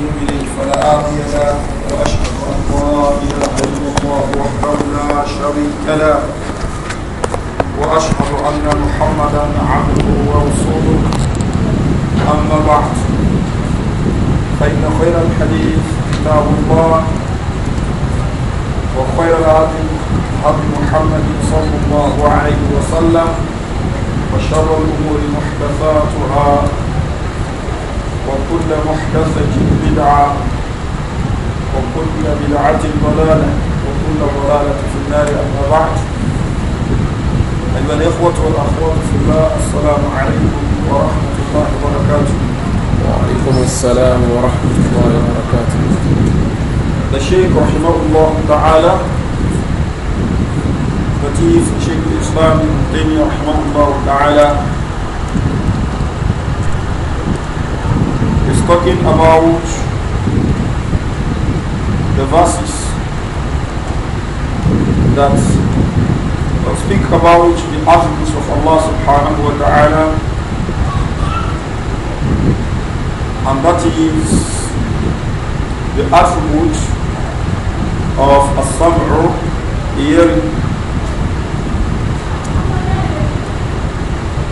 يضلل فلا هادي له واشهد ان لا اله الا الله وحده لا شريك له واشهد ان محمدا عبده ورسوله اما بعد فان خير الحديث كتاب الله وخير الهدي هدي محمد صلى الله عليه وسلم وشر الامور محدثاتها وكل محدثة بدعة وكل بدعة ضلالة وكل ضلالة في النار أما بعد أيها الإخوة والأخوات في الله السلام عليكم ورحمة الله وبركاته وعليكم السلام ورحمة الله وبركاته الشيخ رحمه الله تعالى فتيف شيخ الإسلام ابن تيمية رحمه الله تعالى talking about the verses that speak about the attributes of Allah subhanahu wa ta'ala and that is the attribute of as-sam'u hearing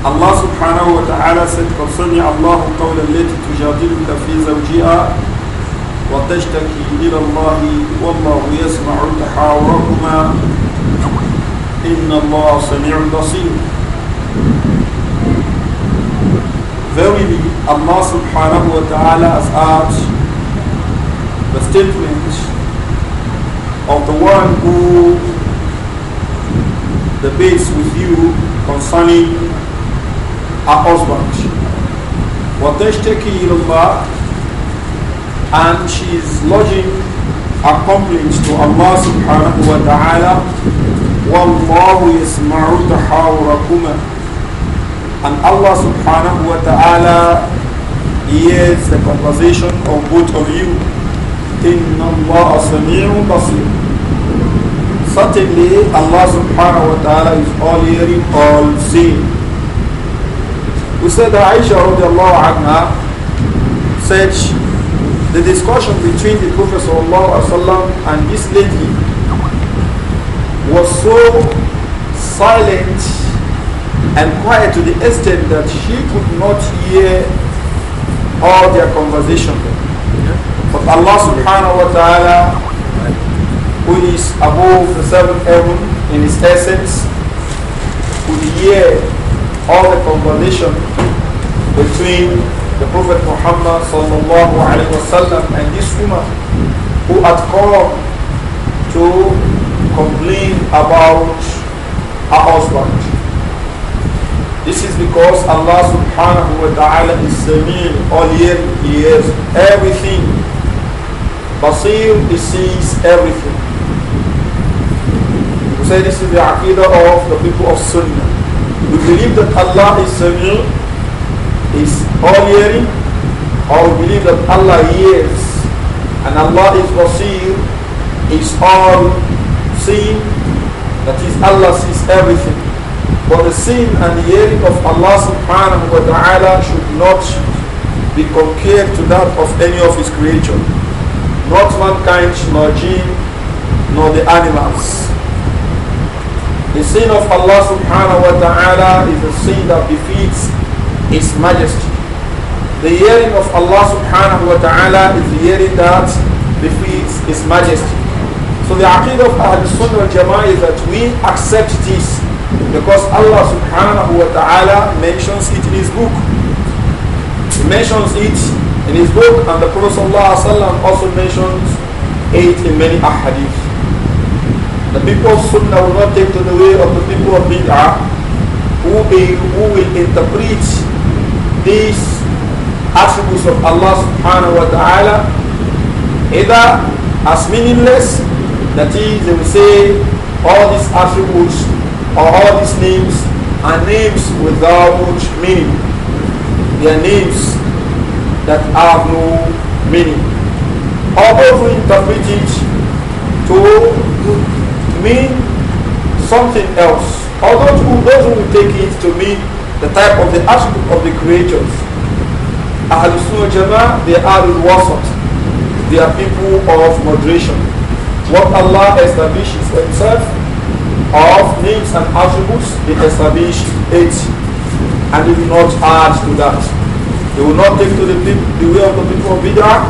الله سبحانه وتعالى said concerning Allah قولا التي تجادلك في زوجها وتشتكي إلى الله والله يسمع تحاوركما إن الله سميع بصير Verily, Allah subhanahu wa ta'ala has asked the statement of the one who debates with you concerning her husband. وَتَشْتَكِي إِلَى And she is lodging a complaint to Allah subhanahu wa ta'ala وَاللَّهُ يَسْمَعُ تَحَاوْرَكُمَا And Allah subhanahu wa ta'ala hears the conversation of both of you. Certainly Allah subhanahu wa ta'ala is all hearing, all seeing. We said that Aisha radiallahu anha said the discussion between the Prophet sallallahu and this lady was so silent and quiet to the extent that she could not hear all their conversation. But Allah subhanahu wa ta'ala who is above the seventh heaven in his essence could hear all the conversation between the Prophet Muhammad sallallahu alaihi wasallam and this woman who had come to complain about her husband. This is because Allah subhanahu wa ta'ala is Samir, all year He everything. Basir, He sees everything. We say this is the aqidah of the people of Sunnah. We believe that Allah is Sami, is all-hearing, or we believe that Allah hears, and Allah is Basir, is all-seeing, that is Allah sees everything. But the seeing and the hearing of Allah subhanahu wa ta'ala should not be compared to that of any of his creation. Not mankind, nor jinn, nor the animals. The sin of Allah subhanahu wa ta'ala is a sin that defeats His majesty. The hearing of Allah subhanahu wa ta'ala is the hearing that defeats His majesty. So the aqidah of Ahl Sunnah al-Jama'ah is that we accept this because Allah subhanahu wa ta'ala mentions it in His book. He mentions it in His book and the Prophet sallallahu also mentions it in many ahadith. The people of Sunnah will not take to the way of the people of Bid'ah who, who will interpret these attributes of Allah subhanahu wa ta'ala either as meaningless, that is, they will say all these attributes or all these names are names without meaning. They are names that have no meaning. Although we interpret it to mean something else. Although those who, those who will take it to mean the type of the attribute of the creators. Ahl Sunnah they are in wasat. They are people of moderation. What Allah establishes Himself of names and attributes, He establishes it, And He will not add to that. They will not take to the, the way of the people of Bid'ah,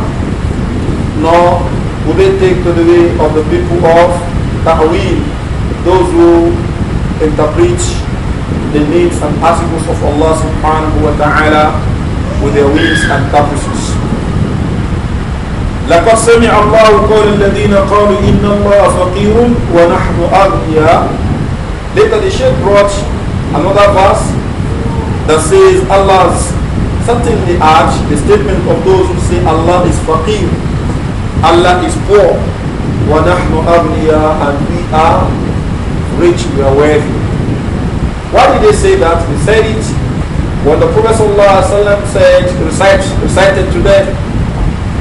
nor will they take to the way of the people of ta'wil, those who interpret the names and attributes of Allah subhanahu wa ta'ala with their wills and purposes. لقد سمع الله قول الذين قالوا إن الله فقير ونحن أغنياء Later the Shaykh brought another verse that says Allah's certainly urged the statement of those who say Allah is faqir, Allah is poor, وَنَحْنُ أَغْنِيَا and we are rich, we are wealthy. Why did they say that? They said it when the Prophet ﷺ said, recite, recited to them,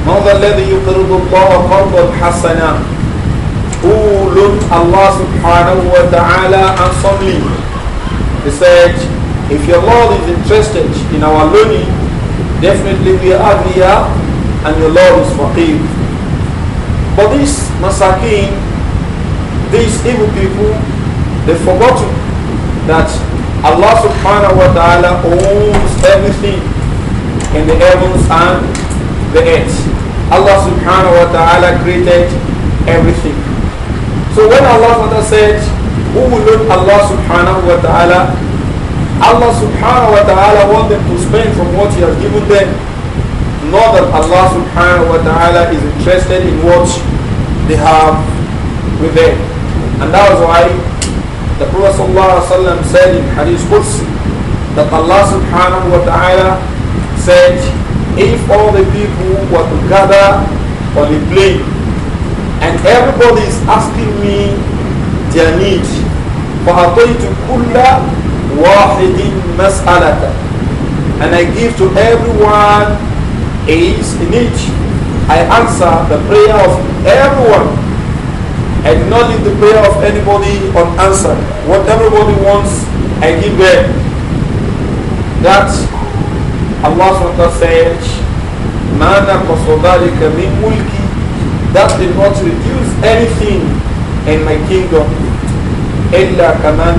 مَنْ ذَا الَّذِي يُقْرِضُ اللَّهَ قَرْضًا حَسَنًا Who loaned Allah subhanahu wa ta'ala handsomely? He said, if your Lord is interested in our learning, definitely we are here and your Lord is forgive. But this Masakin, these evil people, they forgot that Allah subhanahu wa ta'ala owns everything in the heavens and the earth. Allah subhanahu wa ta'ala created everything. So when Allah subhanahu wa ta'ala said, who will learn Allah subhanahu wa ta'ala? Allah subhanahu wa ta'ala wants them to spend from what He has given them. Not that Allah subhanahu wa ta'ala is interested in what they have with them. And that was why the Prophet ﷺ said in Hadith Qudsi that Allah subhanahu wa ta'ala said, if all the people were to gather on the plain and everybody is asking me their need, فَأَطَيْتُ كُلَّ وَاحِدٍ مَسْأَلَةً And I give to everyone a need. I answer the prayer of everyone. I do not leave the prayer of anybody unanswered. What everybody wants, I give them. That Allah SWT said, Mana That did not reduce anything in my kingdom. Ella kaman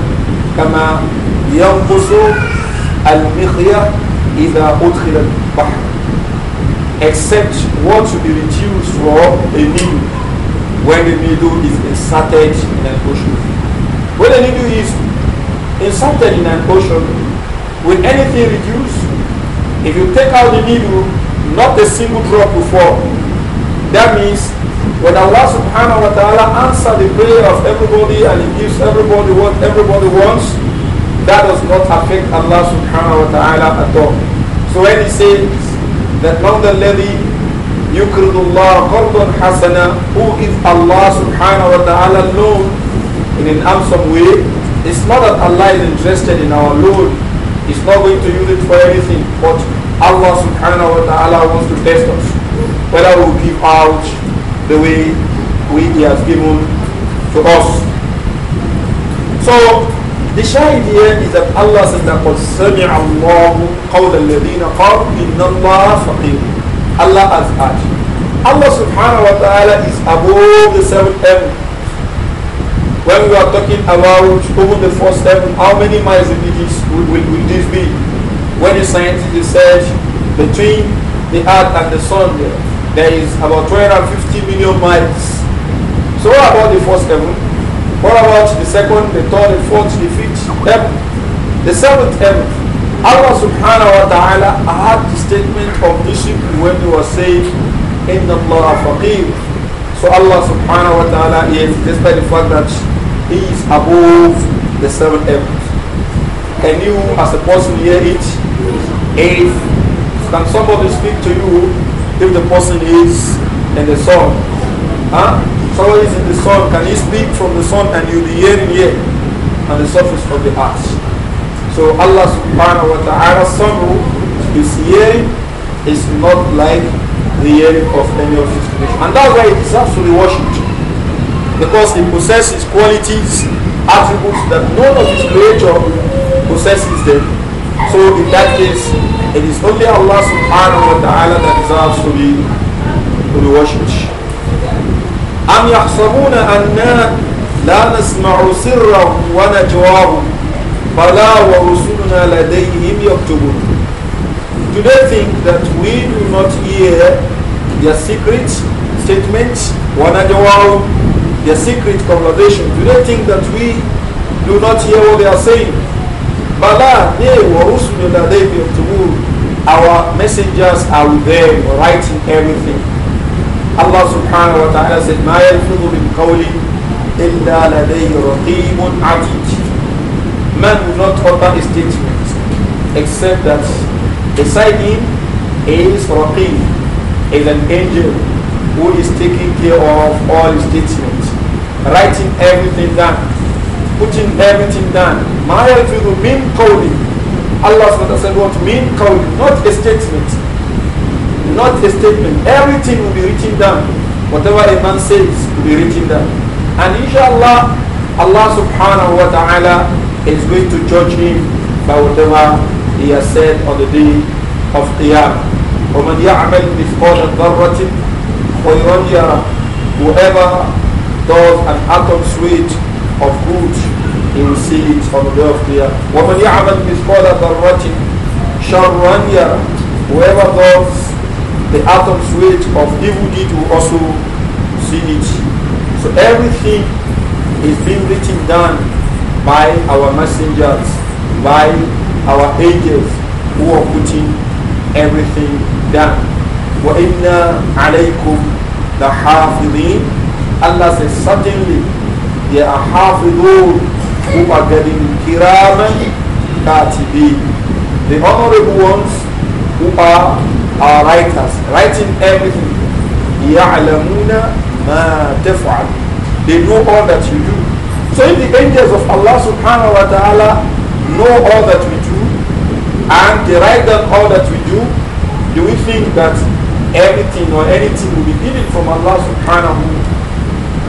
kama yamposo al-mikhya إذا أدخل البحر except what to be reduced for a needle when the needle is inserted in an ocean. When the needle is inserted in an ocean, will anything reduce? If you take out the needle, not a single drop will fall. That means when Allah subhanahu wa ta'ala answers the prayer of everybody and he gives everybody what everybody wants, that does not affect Allah subhanahu wa ta'ala at all. So when he says that مَوْلَى الَّذِي يُكْرِضُ اللَّهَ قَرْضًا Hasana Who gives Allah subhanahu wa ta'ala loan in an handsome way. It's not that Allah is interested in our loan. It's not going to use it for anything. But Allah subhanahu wa ta'ala wants to test us. Whether we give out the way we, He has given to us. So the shahid here is that Allah said, that قَدْ سَمِعَ اللَّهُ قَوْلَ الَّذِينَ قَالُوا إِنَّ اللَّهَ فَقِيرٌ Allah has heard. Allah subhanahu wa ta'ala is above the seven heavens. When we are talking about over the first heaven, how many miles will, will, will this be? When the scientists said between the earth and the sun, there is about 250 million miles. So what about the first heaven? What about the second, the third, the fourth, the fifth The seventh heaven. Allah subhanahu wa ta'ala had the statement of Bishop when he was saying, Inna Allah faqir. So Allah subhanahu wa ta'ala is, despite the fact that he is above the seventh heavens. Can you as a person hear it? Eighth. Can somebody speak to you if the person is in the song? Huh? Somebody is in the sun, can you speak from the sun and you'll be hearing here on the surface of the earth? So Allah subhanahu wa ta'ala, sunru, his hearing is not like the hearing of any of his creation. And that's why it is absolutely worshipped. Because it possesses qualities, attributes that none of his creature possesses them. So in that case, it is only Allah subhanahu wa ta'ala that deserves to be, to be worshipped. أم يحسبون أنا لا نسمع سرهم ونجواهم فلا ورسلنا لديهم يكتبون Do they think that we do not hear their secret statements ونجواهم their secret conversation Do they think that we do not hear what they are saying بلا they ورسلنا لديهم يكتبون Our messengers are with them writing everything Allah subhanahu wa ta'ala said, مَا يَلْفِظُ مِنْ قَوْلٍ إِلَّا لَدَيْهِ رَقِيبٌ عَتِيدٌ Man will not utter a statement except that beside him is Raqib, is an angel who is taking care of all statements, writing everything down, putting everything down. مَا يَلْفِظُ مِنْ قَوْلٍ Allah subhanahu wa ta'ala said what? مِنْ قَوْلٍ Not a statement. Not a statement. Everything will be written down. Whatever a man says will be written down. And inshallah, Allah subhanahu wa ta'ala is going to judge him by whatever he has said on the day of Qiyamah. Whoever does an atom's weight of good, he will see it on the day of Qiyamah. Whoever does the atom's weight of evil deed will also see it. So everything is being written down by our messengers, by our angels who are putting everything down. alaykum عَلَيْكُمْ لَحَافِظِينَ Allah says, certainly there are hafidun who are getting kiraman be The honorable ones who are our writers writing everything يَعْلَمُونَ مَا تَفْعَلُ They know all that you do. So if the angels of Allah subhanahu wa ta'ala know all that we do and they write down all that we do, do we think that everything or anything will be hidden from Allah subhanahu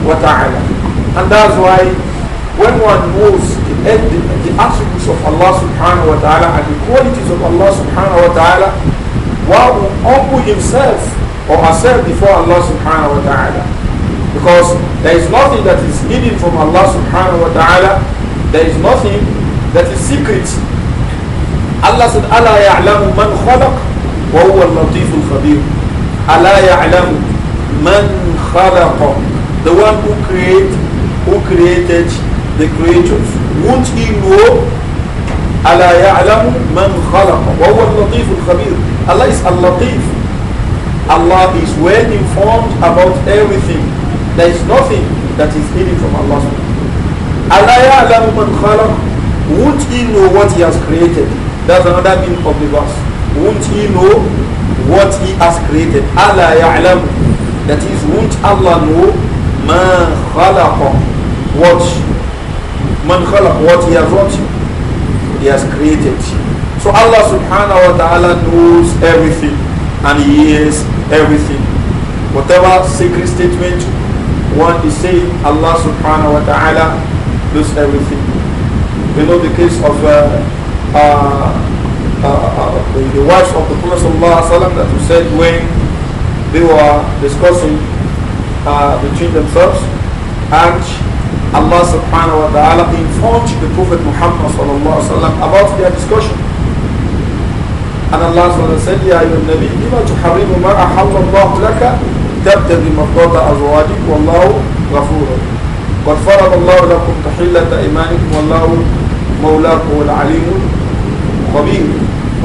wa ta'ala? And that's why when one knows the, the, the attributes of Allah subhanahu wa ta'ala and the qualities of Allah subhanahu wa ta'ala, one will humble himself or herself before Allah subhanahu wa ta'ala. Because there is nothing that is hidden from Allah subhanahu wa ta'ala. There is nothing that is secret. Allah said, Allah ya'lamu man khalaq wa huwa al-latiful khabir. Allah ya'lamu man khalaq. The one who create, who created the creatures. Won't he know? Allah ya'lamu man khalaq wa huwa al-latiful khabir. Allah is Al-Latif. Allah is well informed about everything. There is nothing that is hidden from Allah. Allah ya'lamu man khalaq. Won't he know what he has created? That's another meaning of the verse. Won't he know what he has created? Allah ya'lamu. That is, won't Allah know man khalaq. What? Man khalaq. What he has what? He has created. So Allah subhanahu wa ta'ala knows everything and He hears everything. Whatever secret statement one is saying, Allah subhanahu wa ta'ala knows everything. You know the case of uh, uh, uh, the, uh, the wives of the Prophet sallallahu that we said when they were discussing uh, between themselves and Allah subhanahu wa ta'ala informed the Prophet Muhammad sallallahu about their discussion. أن الله صلى الله عليه وسلم يا أيها النبي لما تحرم ما أحل الله لك تبتغي مرضات أزواجك والله غفور قد فرض الله لكم تحلة إيمانكم والله مولاكم والعليم خبير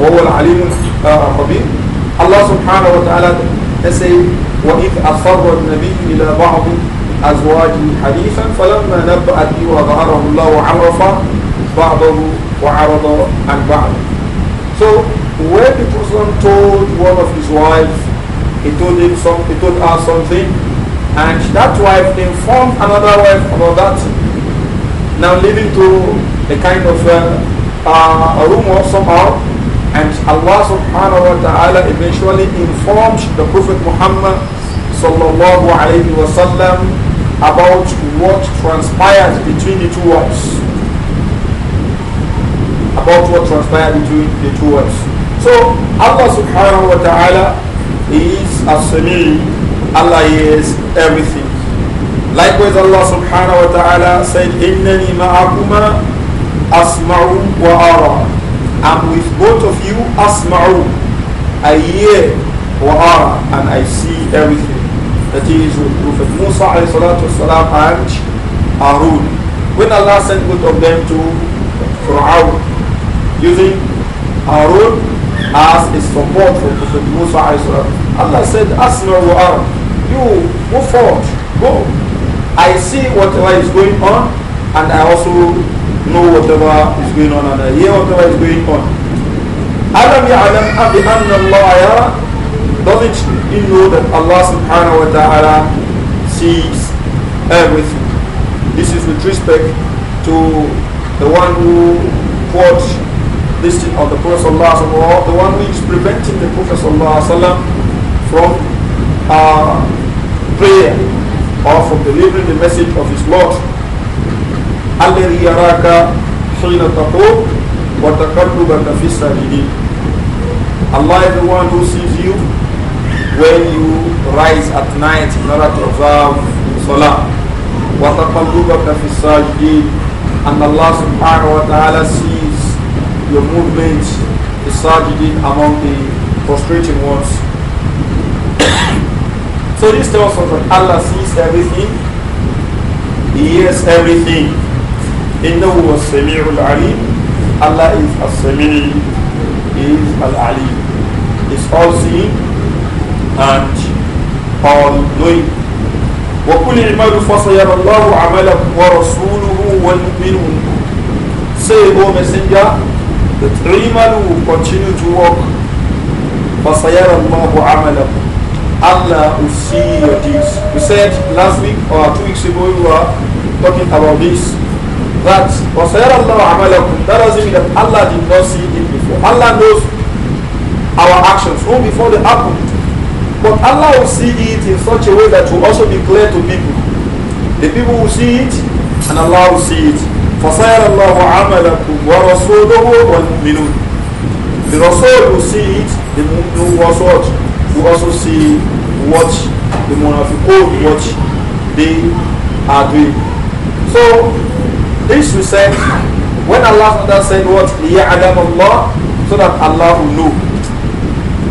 وهو العليم الخبير الله سبحانه وتعالى يسأل وإذ أصر النبي إلى بعض أزواجه حديثا فلما نبأت به وظهره الله عرف بعضه وعرض عن بعض. So when the person told one of his wives, he told him some, he told her something, and that wife informed another wife about that. Now leading to a kind of uh, uh, a rumor somehow, and Allah subhanahu wa taala eventually informed the Prophet Muhammad sallallahu alaihi wasallam about what transpired between the two wives. About what transpired between the two wives. So Allah subhanahu wa ta'ala is as-sami. Allah is everything. Likewise Allah subhanahu wa ta'ala said, Innani ma'akuma asma'u wa ara. I'm with both of you asma'u. I hear wa ara and I see everything. That is with Prophet Musa alayhi salatu wasalam and Harun. When Allah sent both of them to Fir'aun using Harun as a support for Prophet Musa Allah said, Asma wa You move forward, go. I see whatever is going on and I also know whatever is going on and I hear whatever is going on. Adam ya'alam abi anna Allah doesn't he know that Allah subhanahu wa ta'ala sees everything. This is with respect to the one who quotes listed on the Prophet Sallallahu or the one which preventing the Prophet Sallallahu from uh, prayer or from delivering the message of his Lord. الذي يراك حين تقوم وتقلبك في الساجدين Allah is the one who sees you when you rise at night in order to observe Salah. وتقلبك في الساجدين and Allah subhanahu wa ta'ala sees your movement is sajidi among the frustrating ones. so this tells us that Allah sees everything, He hears everything. إنه هو السميع العليم Allah is al sami is Al-Ali, is all-seeing and all-knowing. وَقُلِ اعْمَلُوا فَسَيَرَى اللَّهُ عَمَلَكُمْ وَرَسُولُهُ وَالْمُؤْمِنُونَ Say, O Messenger, three men who continue to work. فَسَيَرَ اللَّهُ عَمَلَكُمْ Allah will see your deeds. We said last week or two weeks ago we were talking about this. That وَسَيَرَ اللَّهُ عَمَلَكُمْ That doesn't mean that Allah did not see it before. Allah knows our actions long before they happen. But Allah will see it in such a way that will also be clear to people. The people will see it and Allah will see it. فصير الله عملكم ورسوله والمؤمنون the Rasul will see it the Mu'min will also watch will also see what the Munafiqun what they are doing so this we said when Allah said what ليعلم Allah so that Allah will know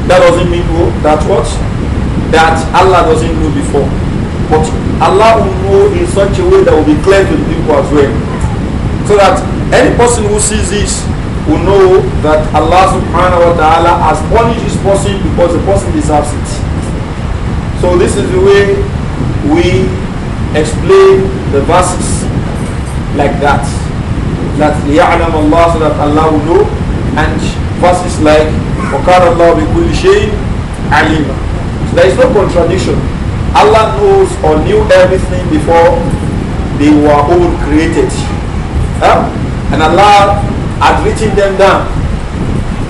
that doesn't mean that what that Allah doesn't know before but Allah will know in such a way that will be clear to the people as well So that any person who sees this will know that Allah subhanahu wa ta'ala has punished this person because the person deserves it. So this is the way we explain the verses like that. That يَعْلَمَ Allah so that Allah will know and verses like وَكَانَ اللَّهُ بِكُلِّ شَيْءٍ عَلِيمًا So there is no contradiction. Allah knows or knew everything before they were all created. Huh? And Allah had written them down.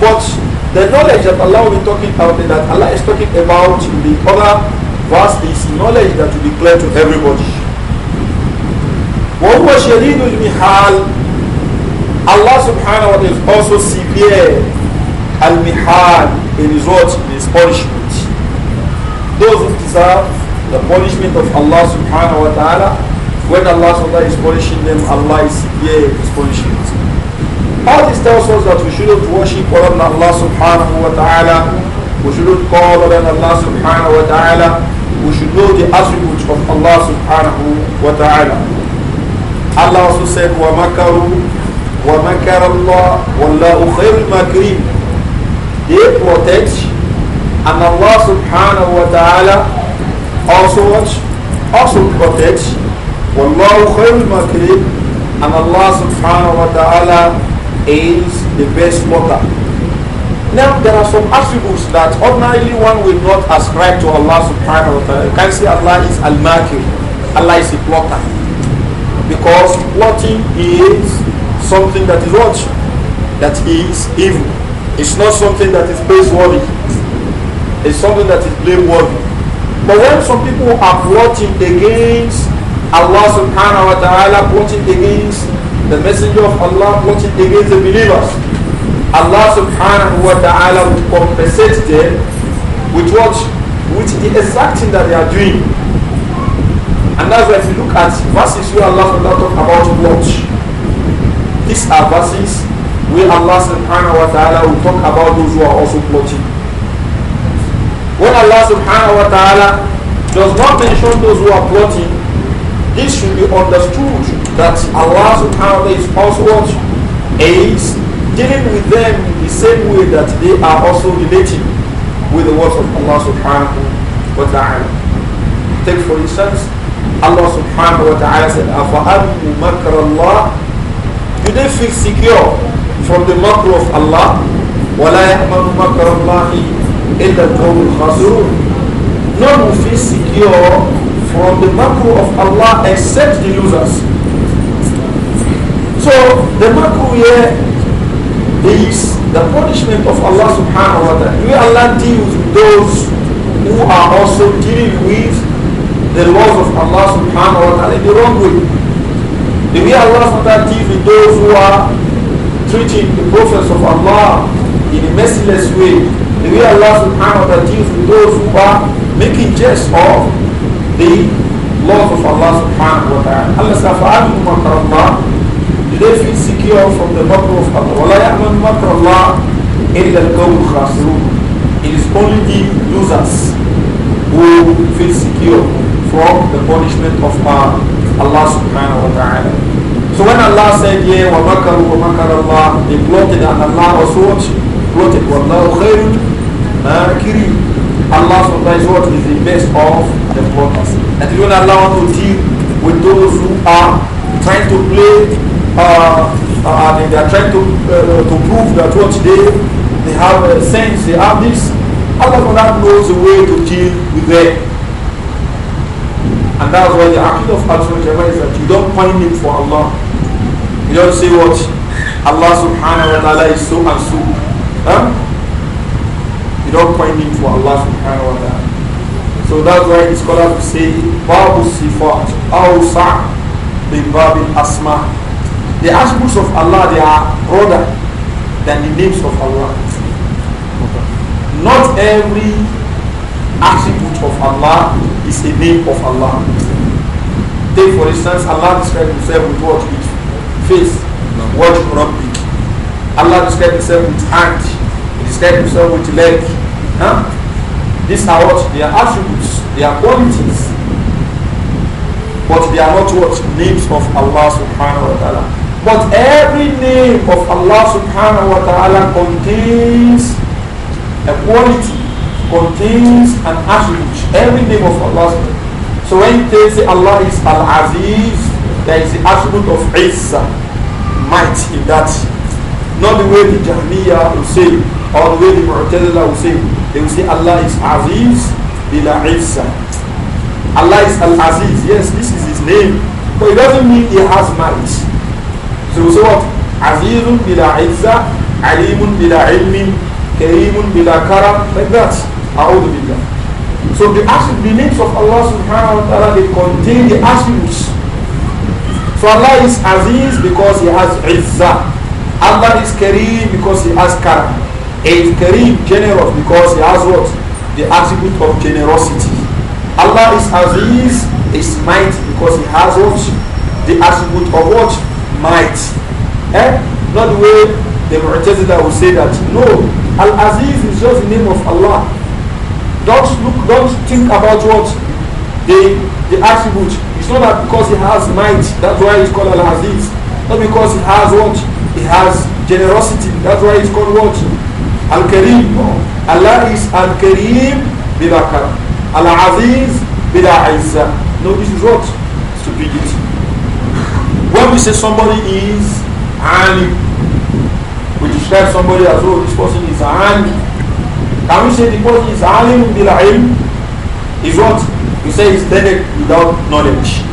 But the knowledge that Allah will be talking about, that Allah is talking about in the other verse, is knowledge that will be clear to everybody. وَهُوَ شَدِيدُ الْمِحَالِ Allah subhanahu wa ta'ala is also severe al-mihal in his words, in his punishment. Those who deserve the punishment of Allah subhanahu wa ta'ala when Allah is punishing them, Allah is here is punishing us. All this tells us that we shouldn't worship other than Allah subhanahu wa ta'ala. We shouldn't call other than Allah subhanahu wa ta'ala. We should know the attributes of Allah subhanahu wa ta'ala. Allah also said, وَمَكَرُوا وَمَكَرَ اللَّهُ وَاللَّهُ خَيْرُ الْمَكْرِينَ They protect and Allah subhanahu wa ta'ala also what? Also protects Wallahu khairul makirin. And Allah subhanahu wa ta'ala is the best water. Now, there are some attributes that ordinarily one will not ascribe to Allah subhanahu wa ta'ala. You can say Allah is al-makir. Allah is a plotter. Because plotting is something that is what? That is evil. It's not something that is praiseworthy. It's something that is blameworthy. But when some people are plotting against Allah subhanahu wa ta'ala plotted against the messenger of Allah, plotted against the believers. Allah subhanahu wa ta'ala will compensate them with what? With the exact thing that they are doing. And that's why if you look at verses where Allah talk about what these are verses where Allah subhanahu wa ta'ala will talk about those who are also plotting. When Allah subhanahu wa ta'ala does not mention those who are plotting, this should be understood that Allah subhanahu wa ta'ala is also what? Is dealing with them in the same way that they are also relating with the words of Allah subhanahu wa ta'ala. Take for instance, Allah subhanahu wa ta'ala said, أَفَأَمُّ مَكْرَ اللَّهِ Do they feel secure from the makr of Allah? وَلَا يَأْمَنُ مَكْرَ اللَّهِ إِلَّا الْقَوْمُ الْخَاسِرُونَ None will feel secure from the makruh of Allah except the losers. So the makruh here is the punishment of Allah subhanahu wa ta'ala. May Allah deals with those who are also dealing with the laws of Allah subhanahu wa ta'ala in the wrong way. The way Allah subhanahu wa ta'ala deals with those who are treating the prophets of Allah in a merciless way. The way Allah subhanahu wa ta'ala deals with those who are making jest of the love of Allah subhanahu wa ta'ala. Allah says, فَأَمِنُوا مَكْرَ Do they feel secure from the makr of Allah? وَلَا يَأْمَنُ مَكْرَ اللَّهِ إِلَّا الْقَوْمُ الْخَاسِرُونَ It is only the losers who feel secure from the punishment of Allah subhanahu wa ta'ala. So when Allah said, yeah, وَمَكَرُوا وَمَكَرَ اللَّهِ They plotted and Allah was what? Plotted. وَاللَّهُ خَيْرٌ مَاكِرِينَ Allah Taala is the best of the workers. And even Allah want to deal with those who are trying to play, uh, uh, they, are trying to uh, to prove that what they they have a sense, they have this. Allah not knows the way to deal with them. And that's why the act of Al-Sunnah is that you don't point him for Allah. You don't say what Allah subhanahu wa ta'ala is so and so. Huh? without pointing to Allah subhanahu wa ta'ala. So that's why the scholars say Babu Sifat Awsa bin Babil Asma. The attributes of Allah they are broader than the names of Allah. Not every attribute of Allah is a name of Allah. Take for instance, Allah describes himself with what? With face, what Rabbik. Allah describes himself with hand, step with someone with leg. Huh? These are what? They are attributes, they are qualities. But they are not what? Names of Allah subhanahu wa ta'ala. But every name of Allah subhanahu wa ta'ala contains a quality, contains an attribute. Every name of Allah. So when you say Allah is Al-Aziz, there is the attribute of Izzah, might in that. Not the way the Jahmiyyah will say all the way the Mu'tazila will say, they will say Allah is Aziz bila Isa. Allah is Al-Aziz. Yes, this is his name. But it doesn't mean he has marriage. So we say what? Azizun bila Izza, Alimun bila Ilmin, Kareemun bila Karam, like that. A'udhu billah. So the attributes, the names of Allah subhanahu wa ta'ala, they contain the attributes. So Allah is Aziz because he has Izza. Allah is Kareem because he has Karam is Kareem, generous, because he has what? The attribute of generosity. Allah is Aziz, is might, because he has what? The attribute of what? Might. Eh? Not the way the Mu'tazila will say that. No, Al-Aziz is just the name of Allah. Don't look, don't think about what? The, the attribute. It's not that because he has might, that's why he's called Al-Aziz. Not because he has what? He has generosity, that's why he's called what? Al-Karim, no. Allah is Al-Karim bila Allah Al-Aziz bila Isa. No, this is what? Stupidity. When we say somebody is Ali, we describe somebody as, oh, this person is Ali. Can we say the person is Ali bila ilm? Is what? We say he's dead without knowledge.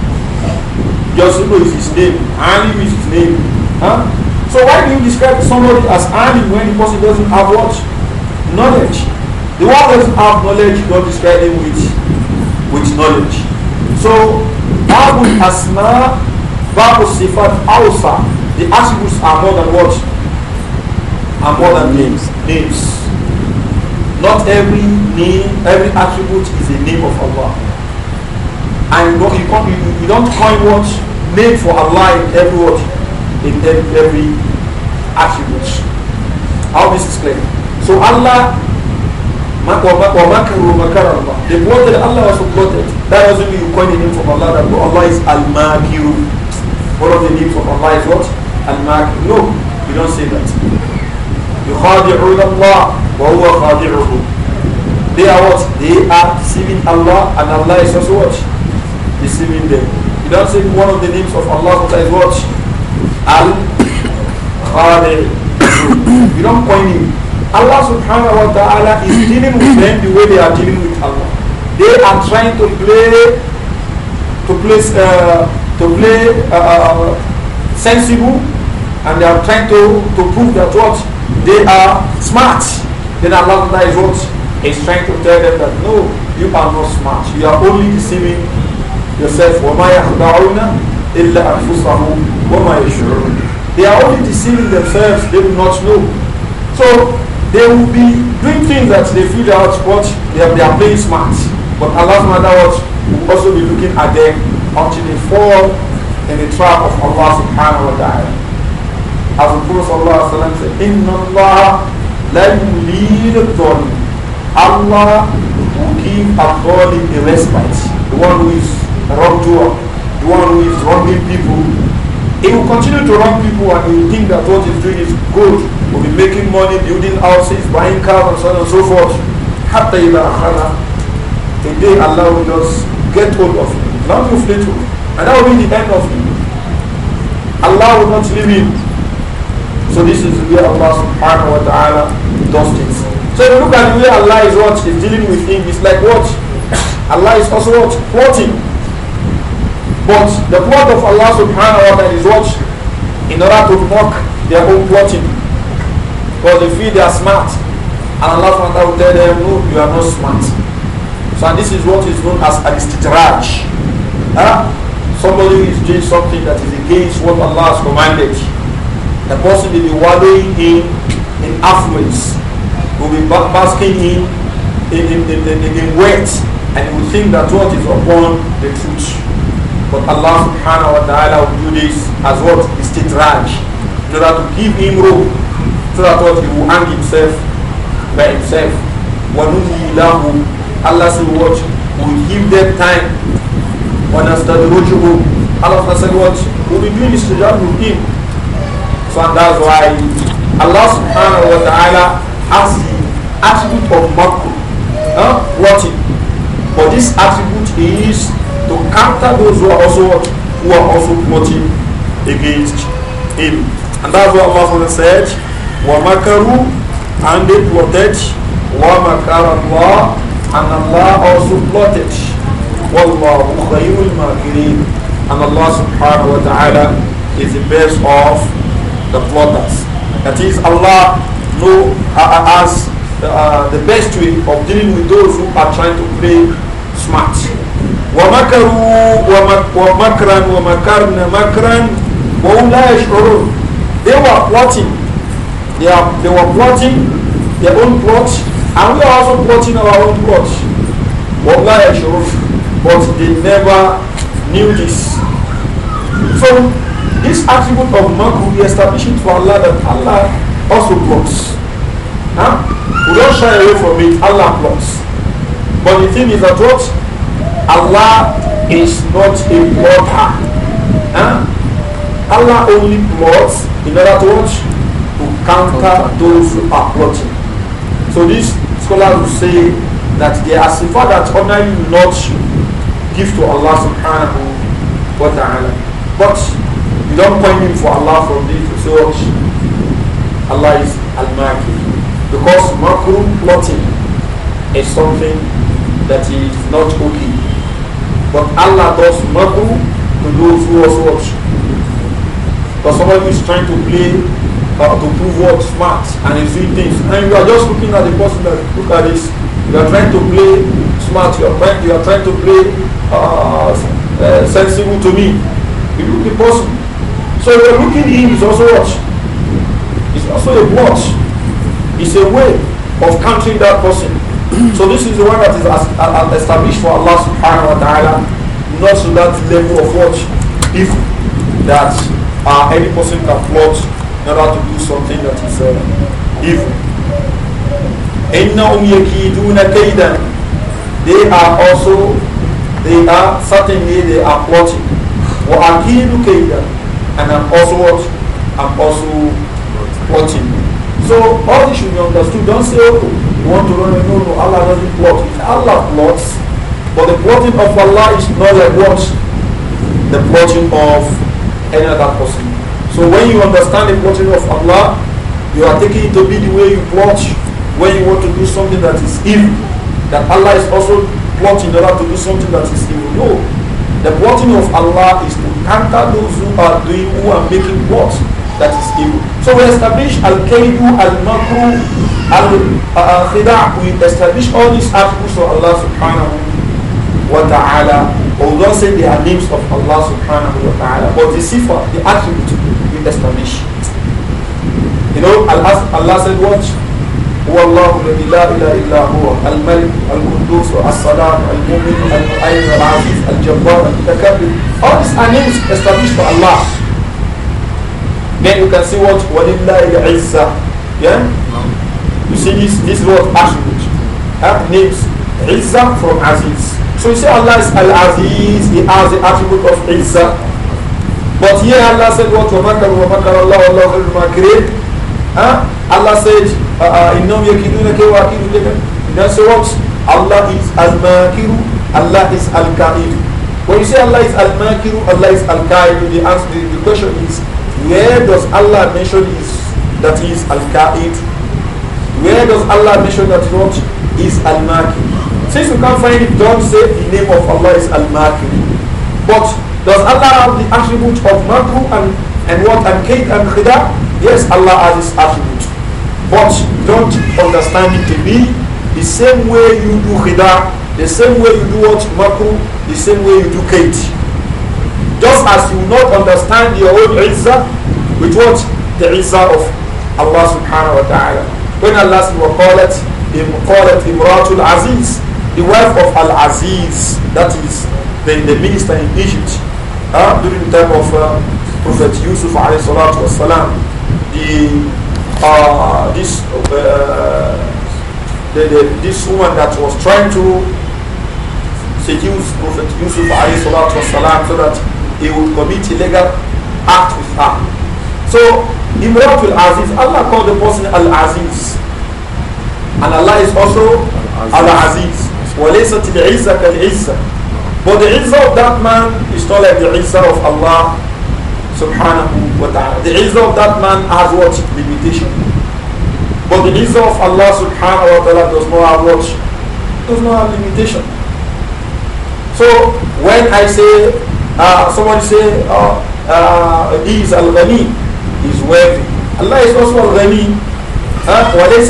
Just know his name. Ali is his name. Huh? So why do you describe somebody as armed when the person doesn't have what? Knowledge. The one who doesn't have knowledge, you don't describe him with, with knowledge. So, Abu Asma, Babu Sifat, Awsa, the attributes are more than what? Are more than names. Names. Not every name, every attribute is a name of Allah. And you don't, you, you don't coin what? Name for Allah in every word in every attribute. How this is clear. So Allah they plotted, Allah has plotted. That doesn't mean you coin the name from Allah that oh, Allah is Al-Makiru. One of the names of Allah is what? Al-Makiru. No, you don't say that. يخادعون الله وهو خادعهم They are what? They are deceiving Allah and Allah is also what? Deceiving them. You don't say one of the names of Allah is what? Al-Khadir. You don't coin him. Allah subhanahu wa ta'ala is dealing with them the way they are dealing with Allah. They are trying to play to place uh, to play uh, uh sensible and they are trying to, to prove that what they are smart. Then Allah is what is trying to tell them that no, you are not smart. You are only deceiving yourself. إِلَّا أَنفُسَهُمْ وَمَا يَشْعُرُونَ They are only deceiving themselves, they do not know. So they will be doing things that they feel out but they are, they are playing smart. But Allah matter will also be looking at them until they fall in the trap of Allah subhanahu wa ta'ala. As the Prophet Sallallahu Alaihi Wasallam said, Inna Allah la yulid Allah will give a a respite. The one who is wrongdoer one who is wronging people, he will continue to wrong people and he will think that what he's doing is good. Will be making money, building houses, buying cars, and so on and so forth. Hatta ila akhana. The day Allah will just get hold of him. Not you flee to And that will be the end of him. Allah will not leave him. So this is where Allah subhanahu wa ta'ala does things. So if you look at the way Allah is what is dealing with him, it's like what? Allah is also what? Plotting. But the plot of Allah subhanahu wa ta'ala is what? In order to mock their own plotting. Because they feel they are smart. And Allah subhanahu wa ta'ala will tell them, no, you are not smart. So and this is what is known as al-istidraj. Huh? Somebody is doing something that is against what Allah has commanded. The person will be worrying in, in affluence, will be basking in, in, in, in, in, in wealth, and will think that what is upon the truth. But Allah subhanahu wa ta'ala will do this as what? Is titraj. In order to give him rope. So that what he will hang himself by himself. وَنُمِي Allah said what? Will give them time. When the وَنَسْتَدْرُجُهُ Allah said what? will be doing this to with him. So and that's why Allah subhanahu wa ta'ala has the attribute of makru. Huh? Rotting. But this attribute is to counter those who are also who are also plotting against him. And that's what Allah said, Wamakaru and they plotted Wamakar Allah and Allah also plotted Wallahu khayrul makirin and Allah subhanahu wa ta'ala is the best of the plotters. That is Allah know as uh, the best way of dealing with those who are trying to play smart. ومكروا ومكرا ومكرنا مكرا وهم لا يشعرون they were plotting they, are, they were plotting their own plot and we are also plotting our own plot وهم لا يشعرون but they never knew this so this attribute of makru we establish it for Allah that Allah also plots huh? we don't shy away from it Allah plots but the thing is that what Allah is not a plotter. Huh? Allah only plots in order to watch to counter those who are plotting. So these scholars will say that they are sifa that ordinarily will not give to Allah subhanahu wa ta'ala. But you don't point him for Allah from this so Allah is Al-Maki. Because makru plotting is something that is not okay. But Allah does do to those who also watch. But somebody is trying to play uh, to prove what smart and is doing things. And you are just looking at the person that look at this. You are trying to play smart, you are trying, you are trying to play uh, uh, sensible to me. You look the person. So you are looking in is also watch. It's also a watch. It's a way of countering that person so this is the one that is as, as established for Allah subhanahu wa ta'ala, not to that level of watch. if that uh, any person can plot in order to do something that is uh, evil. إنهم يكيدون كيدا they are also they are certainly they are plotting وأكيد كيدا and I'm also what I'm also plotting so all this should be understood don't say oh you want to run a No, no, Allah doesn't plot. If Allah plots, but the plotting of Allah is not like what? The plotting of any other person. So when you understand the plotting of Allah, you are taking it to be the way you plot when you want to do something that is evil. That Allah is also plotting in order to do something that is evil. No. The plotting of Allah is to counter those who are doing, who are making what that is evil. So we establish al-kaydu al-makru الخداع khida all these attributes of Allah subhanahu wa or don't say they are names of Allah سبحانه وتعالى but the sifa, the attribute we establish you know Allah, Allah said what? هو الله الذي لا اله الا هو الملك القدوس الصلاة المؤمن المؤمن العزيز الجبار المتكبر all these are names established for Allah then you can see what ولله العزة yeah sees this word attribute. That names Izza from Aziz. So you say Allah is Al-Aziz, He has the attribute of Izza. But here Allah said, what وَمَكَرُ وَمَكَرَ Allah اللَّهُ الْمَكْرِينَ huh? Allah said, إِنَّمْ يَكِدُونَ كَوَاكِدُ لَكَمْ Then so what? Allah is Al-Makiru, Allah is Al-Kaidu. When you say Allah is Al-Makiru, Allah is Al-Kaidu, the answer, the, the question is, where does Allah mention is, is is Al-Kaidu? Where does Allah mention that what is al-maki? Since you can't find it, don't say the name of Allah is al-maki. But does Allah have the attribute of makru and, and what and kaid and khida? Yes, Allah has his attribute. But don't understand it to be the same way you do khida, the same way you do what makru, the same way you do kaid. Just as you not understand your own izzah with what? The izzah of Allah subhanahu wa ta'ala. When Allah said, called it إِمْرَاتُ Aziz, The wife of Al-Aziz, that is the, the minister in Egypt, uh, during the time of uh, Prophet Yusuf alayhi salatu wasalam, the, uh, this, uh, the, the, this woman that was trying to seduce Prophet Yusuf alayhi salatu wasalam, so that he would commit illegal act with her. So, Imratul Aziz, Allah called the person Al Aziz. And Allah is also Al Aziz. وَلَيْسَتِ and كَالْعِزَّةِ But the Izzah of that man is not like the Izzah of Allah subhanahu wa ta'ala. The Izzah of that man has what? Limitation. But the Izzah of Allah subhanahu wa ta'ala does not have what? Does not have limitation. So when I say, uh, someone say, uh, uh, he is al-ghani, Allah is also Ghani. وليس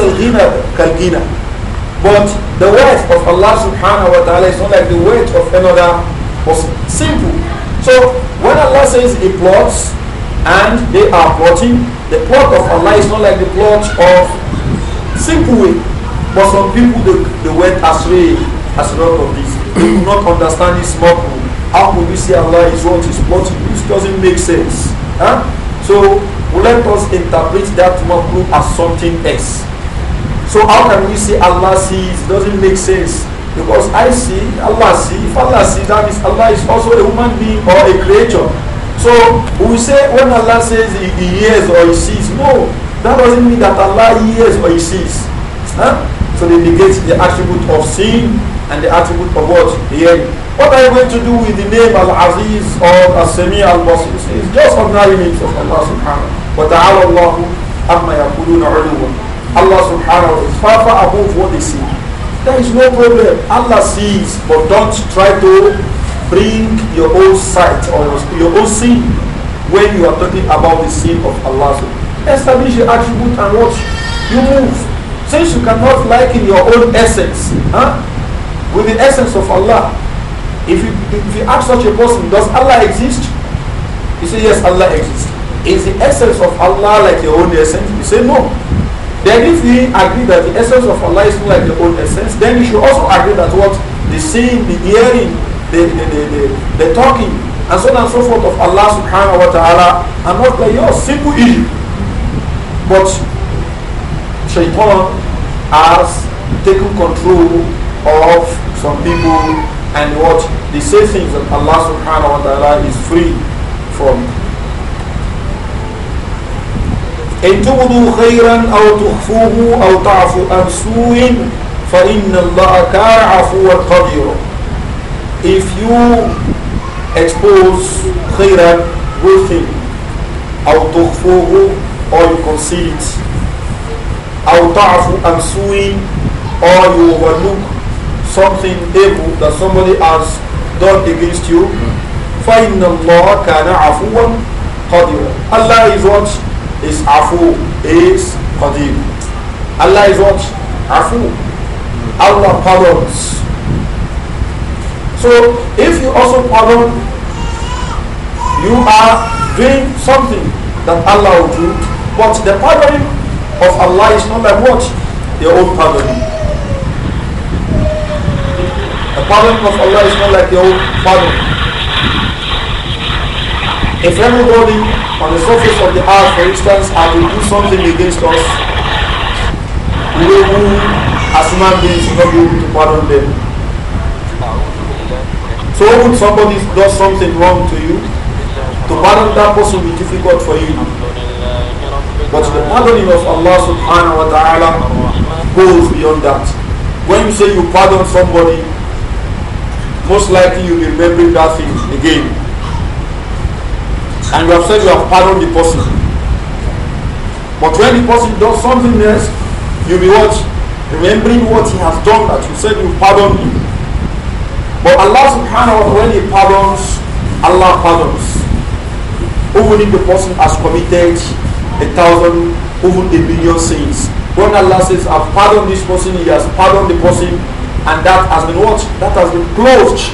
But the wealth of Allah subhanahu wa ta'ala is not like the weight of another person. Simple. So when Allah says he plots and they are plotting, the plot of Allah is not like the plot of simple way. But some people they, they went astray as a result of this. They do not understand this model. How could we say Allah is what is plotting? This doesn't make sense. Huh? So let us interpret that word as something else. So how can we say Allah sees? It doesn't make sense. Because I see, Allah see. If Allah sees, that means Allah is also a human being or a creature. So we say when Allah says he hears or he sees, no, that doesn't mean that Allah hears or he sees. Huh? So they negate the attribute of seeing and the attribute of what? Hearing. What are you going to do with the name Al-Aziz or Al-Sami Al-Basir? It's just ordinary names of Allah subhanahu wa ta'ala Allahu Allah subhanahu wa ta'ala is far far above what they see. There is no problem. Allah sees, but don't try to bring your own sight or your own sin when you are talking about the sin of Allah. Establish your attribute and what you move. Since you cannot liken your own essence, huh? with the essence of Allah. If you, if you ask such a person, does Allah exist? You say, yes, Allah exists. Is the essence of Allah like your own essence? You say, no. Then if we agree that the essence of Allah is not like your own essence, then you should also agree that what the seeing, the hearing, the, the, the, the, the talking, and so on and so forth of Allah subhanahu wa ta'ala are not like yours. Simple issue. But shaitan has taken control of some people and what they say things that Allah subhanahu wa ta'ala is free from. إن تبدوا خيرا أو تخفوه أو تعفو عن سوء فإن الله كان عفوا قديرا If you expose خيرا good thing أو تخفوه or you conceal it أو تعفو عن سوء or you overlook something evil that somebody has done against you, فَإِنَّ اللَّهَ كَانَ عَفُوًا قَدِيرًا Allah is what? Is afu, is qadir. Allah is what? Afu. Allah pardons. So if you also pardon, you are doing something that Allah will do, but the pardoning of Allah is not like what? Your own pardoning. Pardon of Allah is not like your father. If everybody on the surface of the earth, for instance, are to do something against us, we will, as human beings, not be able to pardon them. So when somebody does something wrong to you, to pardon that person will be difficult for you. But the pardoning of Allah subhanahu wa ta'ala goes beyond that. When you say you pardon somebody, most likely you'll be remembering that thing again. And you have said you have pardoned the person. But when the person does something else, you'll be what? Remembering what he has done that you said you pardoned him. But Allah subhanahu wa ta'ala, when he pardons, Allah pardons. Even if the person has committed a thousand, even a million sins. When Allah says, I've pardoned this person, he has pardoned the person, and that has been what? That has been closed.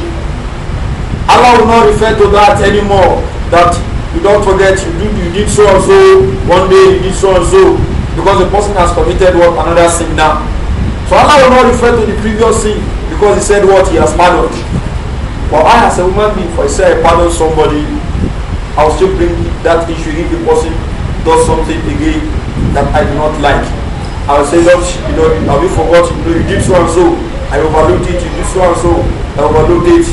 Allah will not refer to that anymore. That you don't forget you do, you did so and so, one day you did so and so, because the person has committed what another sin now. So Allah will not refer to the previous sin because he said what he has pardoned. But I as a woman, being, for I say I pardon somebody, I will still bring that issue if the person does something again that I do not like. I will say, Lord, you know, have you forgot? You know, you did so and so. I overlooked it in this one, so I overlooked it.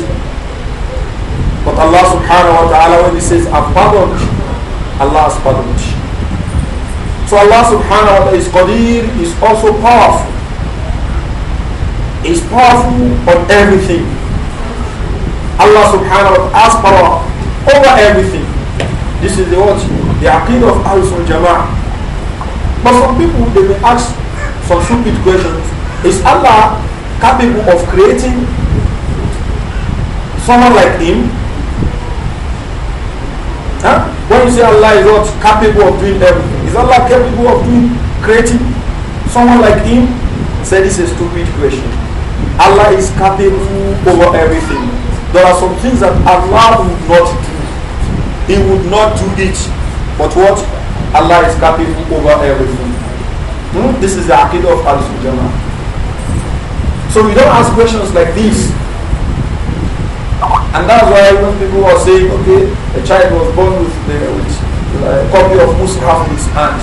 But Allah subhanahu wa ta'ala, when He says, I've pardoned, Allah has pardoned. So Allah subhanahu wa ta'ala is Qadir, is also powerful. Is powerful on everything. Allah subhanahu wa ta'ala has power over everything. This is the what? The aqid of Ahlul Jama'ah. But some people, they may ask some stupid questions. Is Allah capable of creating someone like him? Huh? When you say Allah is not capable of doing everything, is Allah capable of doing creating someone like him? Say this is a stupid question. Allah is capable over everything. There are some things that Allah would not do. He would not do it. But what? Allah is capable over everything. Hmm? This is the akidah of Al-Sujamah. So we don't ask questions like this. And that's why even people are saying, okay, a child was born with, the, with a copy of Mus'haf in his hand.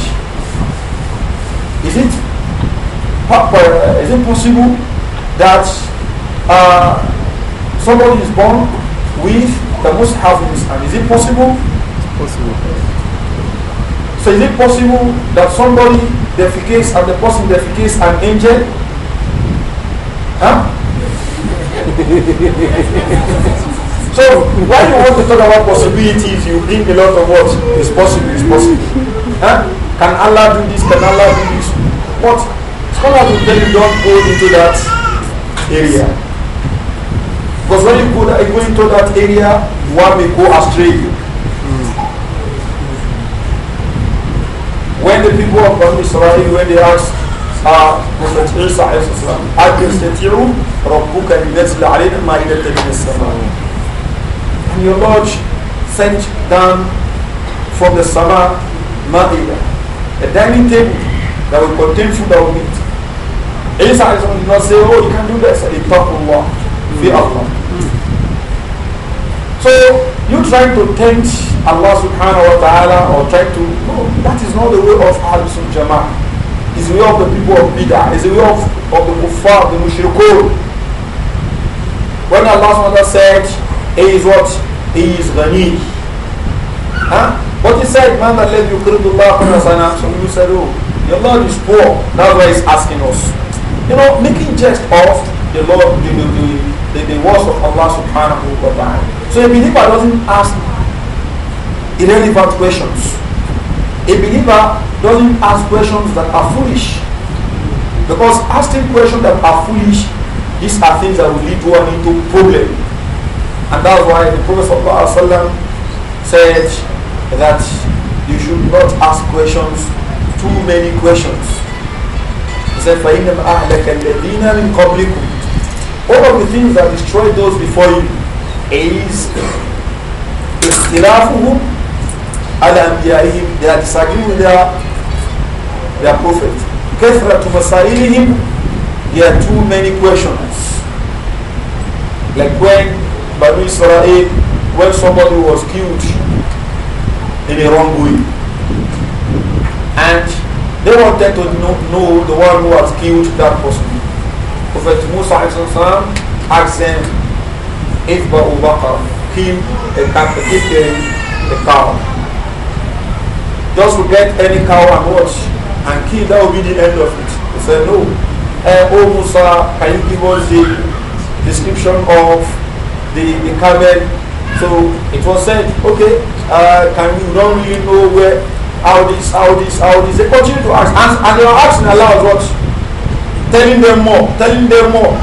Is it, uh, is it possible that uh, somebody is born with the Mus'haf in his hand? Is it possible? It's possible. So is it possible that somebody defecates and the person defecates an angel? Huh? so why do you want to talk about possibilities? You bring a lot of what is possible, is possible. Huh? Can Allah do this? Can Allah do this? But scholars will tell you don't go into that area. Because when you go, go into that area, one may go astray When the people of Bani Israel, when they ask. Prophet Isa هل يستطيع ربك أن ينزل علينا And your Lord sent down from the Sama Ma'idah, a dining table that will contain food that will eat. Isa did not say, oh, you can do this. He talked Allah, fear Allah. So you trying to tempt Allah subhanahu wa ta'ala or try to, no, that is not the way of Ahlul Jama'ah. It's the way of the people of Bida. It's the way of, of the kuffar, the mushrikun. When Allah said, He is what? He is Ghani. Huh? But he said, Man that led you for Qurasana, so you said, Oh, your Lord is poor. That's why he's asking us. You know, making jest of the Lord, the, the, the, the, words of Allah subhanahu wa ta'ala. So a believer doesn't ask irrelevant questions a believer doesn't ask questions that are foolish. Because asking questions that are foolish, these are things that will lead one into problem. And that's why the Prophet ﷺ said that you should not ask questions, too many questions. He said, فَإِنَّمْ أَهْلَكَ الَّذِينَ مِنْ قَبْلِكُمْ All of the things that destroyed those before you is اختلافهم أنبيائهم they are disagreeing with their their prophet كثرة مسائلهم there are too many questions like when Banu Israel when somebody was killed in a wrong way and they wanted to know, know the one who has killed that person Prophet Musa asked them if Ba'u Bakr killed a, a, a cow just to get any cow and watch and kill, that will be the end of it. He said, no. Uh, oh Musa, can you give us the description of the, the camel? So it was said, okay, uh, can we not really know where, how this, how this, how this. They continue to ask. And, and they were asking aloud what? Telling them more, telling them more.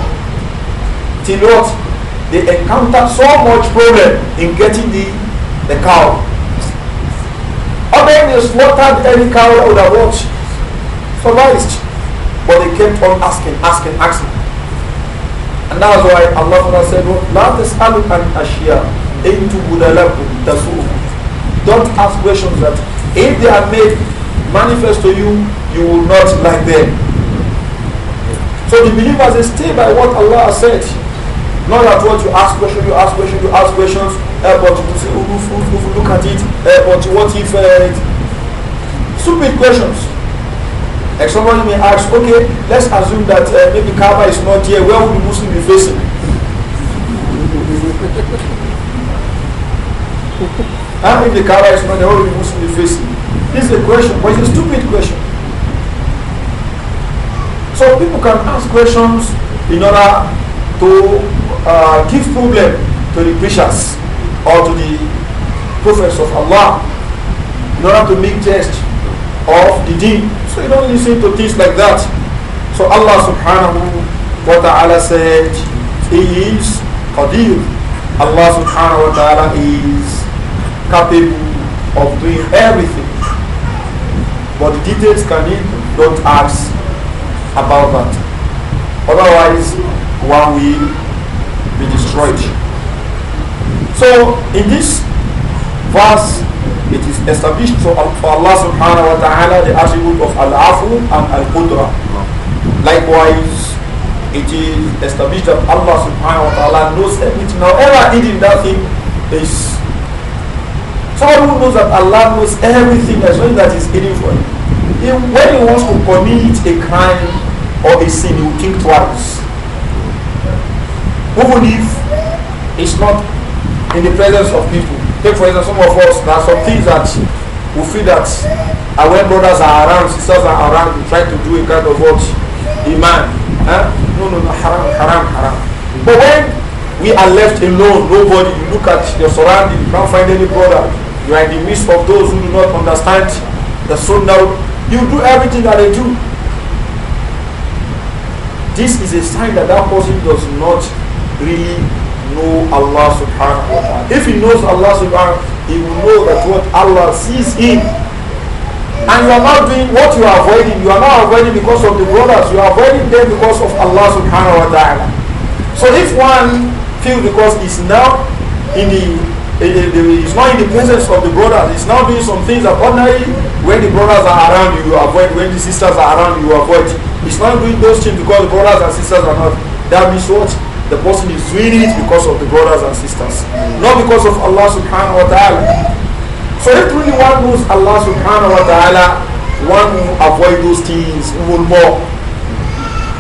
Till what? They encounter so much problem in getting the, the cow. Or is not slaughtered any cow would have watched, surprised, But they kept on asking, asking, asking. And that's why Allah said, La tas'alu and ashia into budalakum tasu'ukum. Don't ask questions that if they are made manifest to you, you will not like them. So the believers, they stay by what Allah said. Not that what you ask questions, you ask questions, you ask questions, uh, but you say, oh, oof, oof, oof, look at it, uh, but what if uh, it? Stupid questions. Like somebody may ask, okay, let's assume that uh, maybe Kaaba is not here, where would the Muslim be facing? and if the Kaaba is not there, where would the Muslim be facing? This is a question, but it's a stupid question. So people can ask questions in order to Uh, give problem to the preachers or to the prophets of Allah in order to make test of the deen. So you don't listen to things like that. So Allah subhanahu wa ta'ala said, He is Qadir. Allah subhanahu wa ta'ala is capable of doing everything. But the details can be, don't ask about that. Otherwise, one will be destroyed. So in this verse, it is established for, Allah subhanahu wa ta'ala the attribute of Al-Afu and Al-Qudra. Likewise, it is established that Allah subhanahu wa ta'ala knows everything. However, it in that thing is someone who knows that Allah knows everything as well that is hidden for him. when he wants to commit a crime or a sin, he will think twice. Even if it's not in the presence of people. Take for instance, some of us, there are some things that we feel that our when brothers are around, sisters are around, we try to do a kind of what? Iman. Huh? No, no, no, haram, haram, haram. But when we are left alone, nobody, you look at your surrounding, you can't find any brother. You are in the midst of those who do not understand the sunnah. You do everything that they do. This is a sign that that person does not really know Allah subhanahu wa ta'ala. If he knows Allah subhanahu he will know that what Allah sees him. And you are not doing what you are avoiding. You are not avoiding because of the brothers. You are avoiding them because of Allah subhanahu wa ta'ala. So if one feels because he's now in the, in not in the presence of the brothers, It's now doing some things that ordinarily when the brothers are around you, you avoid. When the sisters are around you, you avoid. It's not doing those things because the brothers and sisters are not. That means what? the person is doing it because of the brothers and sisters, not because of Allah subhanahu wa ta'ala. So if really one knows Allah subhanahu wa ta'ala, one will avoid those things, even more.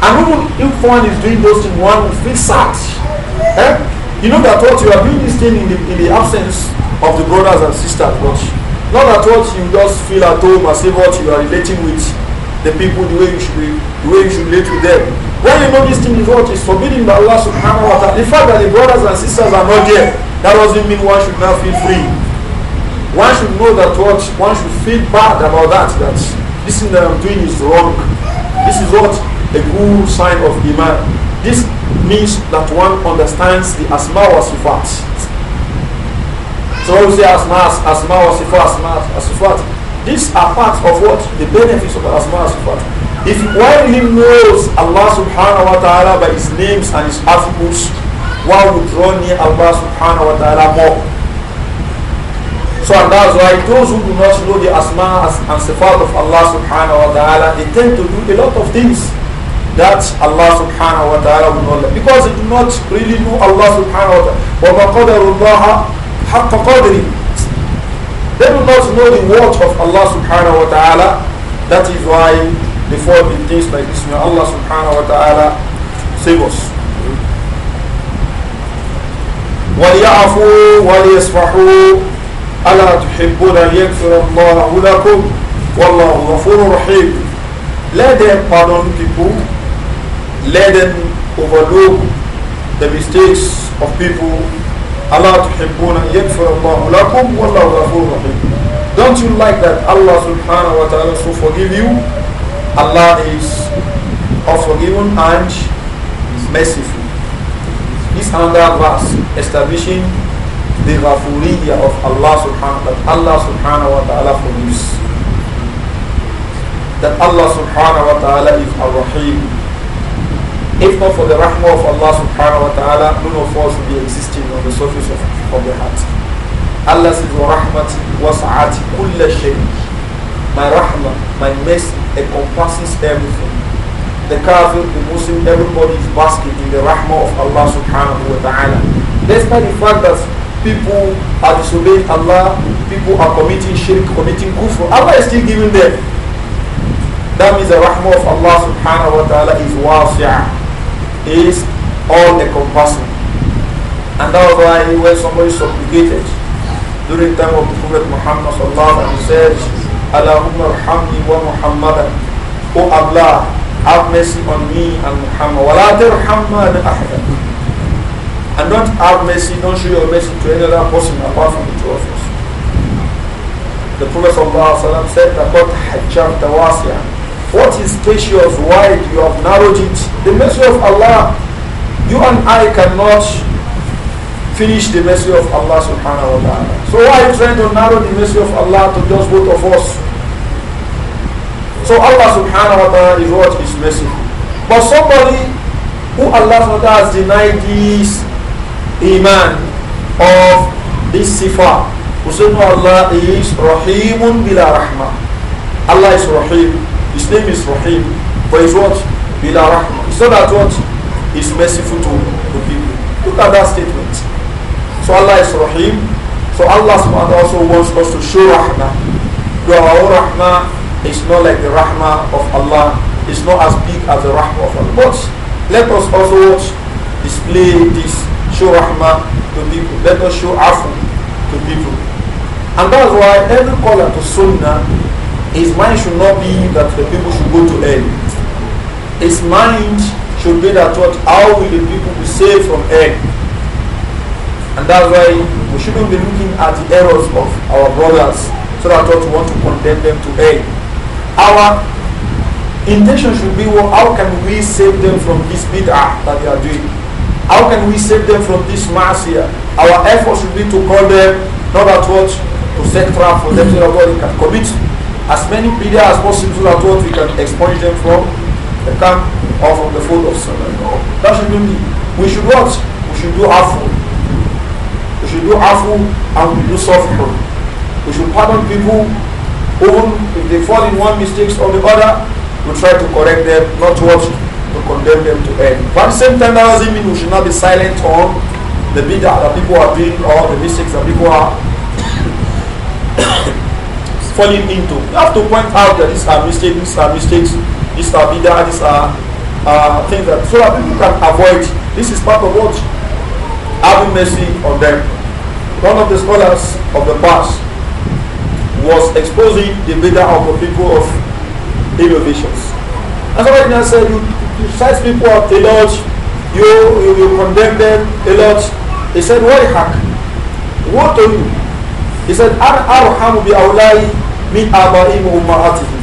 And even if one is doing those things, one will feel sad. Eh? You know that what you are doing this thing in the, in the absence of the brothers and sisters, but not that what you just feel at home as if what you are relating with the people the way you should be, the way you should relate with them. Why you know this thing is what is forbidden by Allah subhanahu wa ta'ala, the fact that the brothers and sisters are not there, that doesn't mean one should not feel free. One should know that what one should feel bad about that, that this thing that I'm doing is wrong. This is what a good sign of Iman. This means that one understands the Asma wa Sifat. So I we say Asma, Asma wa Sifat, Asma wa Sifat, these are part of what? The benefits of Asma wa Sifat. If one he knows Allah subhanahu wa ta'ala by his names and his attributes, one would draw near Allah subhanahu wa ta'ala more. So and that's why those who do not know the asma and sifat of Allah subhanahu wa ta'ala, they tend to do a lot of things that Allah subhanahu wa ta'ala will not let. Because they do not really know Allah subhanahu wa ta'ala. حَقَّ قَدْرِ They do not know the word of Allah subhanahu wa ta'ala. That is why before in things like this. May Allah subhanahu wa ta'ala save us. وليعفوا وليصفحوا ألا تحبون أن يغفر الله لكم والله غفور رحيم Let them pardon people, let them overlook the mistakes of people. Allah تحبون أن يغفر الله لكم والله غفور رحيم Don't you like that Allah subhanahu wa ta'ala should forgive you Allah is all forgiven and merciful. This another verse establishing the ghafuriyya of Allah subhanahu that Allah subhanahu wa ta'ala forgives. That Allah subhanahu wa ta'ala is ar-Rahim. If not for the rahmah of Allah subhanahu wa ta'ala, none of us would be existing on the surface of, of the heart. Allah says, وَرَحْمَةِ وَسَعَةِ كُلَّ شَيْءٍ my rahmah, my mercy encompasses everything. The kafir, the Muslim, everybody is basking in the rahmah of Allah subhanahu wa ta'ala. Despite the fact that people are disobeying Allah, people are committing shirk, committing kufr, Allah is still giving them. That means the rahmah of Allah subhanahu wa ta'ala is wasi'ah, is all encompassing. And that was why when somebody supplicated during the time of the Prophet Muhammad sallallahu alayhi wa sallam, اللهم ارحمني ومحمدا O Allah, have mercy on me and Muhammad. ولا ترحمنا أحدا And don't have mercy, don't show your mercy to any other person apart from the two of us. The Prophet ﷺ said that God hajjab tawasiyah. What is spacious, wide, you have narrowed it. The mercy of Allah, you and I cannot finish the mercy of Allah subhanahu wa ta'ala. So why are you trying to narrow the mercy of Allah to just both of us? So Allah subhanahu wa ta'ala is what is merciful. But somebody who Allah subhanahu wa ta'ala has denied this iman of this sifa, who said no Allah is Rahimun bila Rahma. Allah is Rahim. His name is Rahim. But his what? Bila Rahma. It's not that what is merciful to, the people. Look at that statement. So Allah is Rahim. So Allah subhanahu wa ta'ala also wants us to show Rahma. Do our Rahma It's not like the rahmah of Allah. It's not as big as the rahmah of Allah. But let us also watch, display this, show rahmah to people. Let us show afu to people. And that's why every caller to sunnah, his mind should not be that the people should go to hell. His mind should be that what, how will the people be saved from hell? And that's why we shouldn't be looking at the errors of our brothers so that what we want to condemn them to hell our intention should be well, how can we save them from this bid'ah that they are doing? How can we save them from this here? Our effort should be to call them, not at what, to set for them to God can commit as many bid'ah as possible so that what we can expunge them from the camp or from the fold of Sunnah. No, that should be. We should what? We should do awful. We should do awful and we do suffer. We should pardon people own, if they fall in one mistake or the other, we try to correct them, not what to condemn them to end. But at the same time, that doesn't mean we should not be silent on the bid'ah that people are doing or the mistakes that people are falling into. You have to point out that these are mistakes, these are mistakes, these are bid'ah, these are uh, things that so that people can avoid. This is part of what having mercy on them. One of the scholars of the past was exposing the bid'ah of the people of innovations. And somebody now said, you criticize people of a lot, you, you, you condemn them a lot. He said, why hack? What are you? He said, An bi awlai min abaim ummaatihim.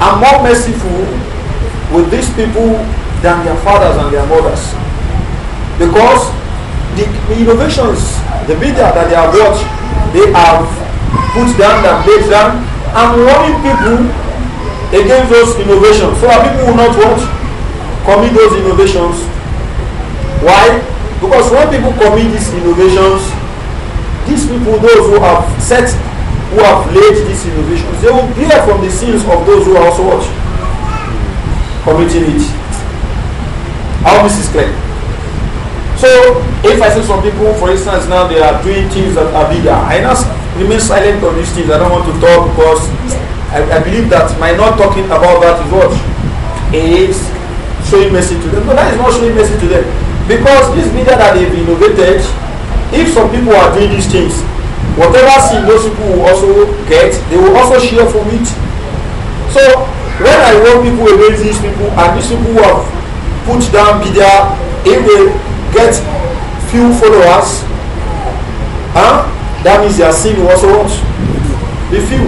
I'm more merciful with these people than their fathers and their mothers. Because the innovations, the bid'ah that they have watched, they have put down, that laid down. I'm warning people against those innovations. So our people will not watch, commit those innovations. Why? Because when people commit these innovations, these people, those who have set, who have laid these innovations, they will bear from the sins of those who also watch, committing it. How this is clear. So, if I see some people, for instance, now they are doing things that are bigger, I ask remain silent on these things. I don't want to talk because I, I believe that my not talking about that is what is showing mercy to them. No, that is not showing mercy to them. Because this media that they've innovated, if some people are doing these things, whatever sin those people will also get, they will also share from it. So when I want people against these people and these people who have put down media, if they get few followers, huh? That means their sin was also what? Be few.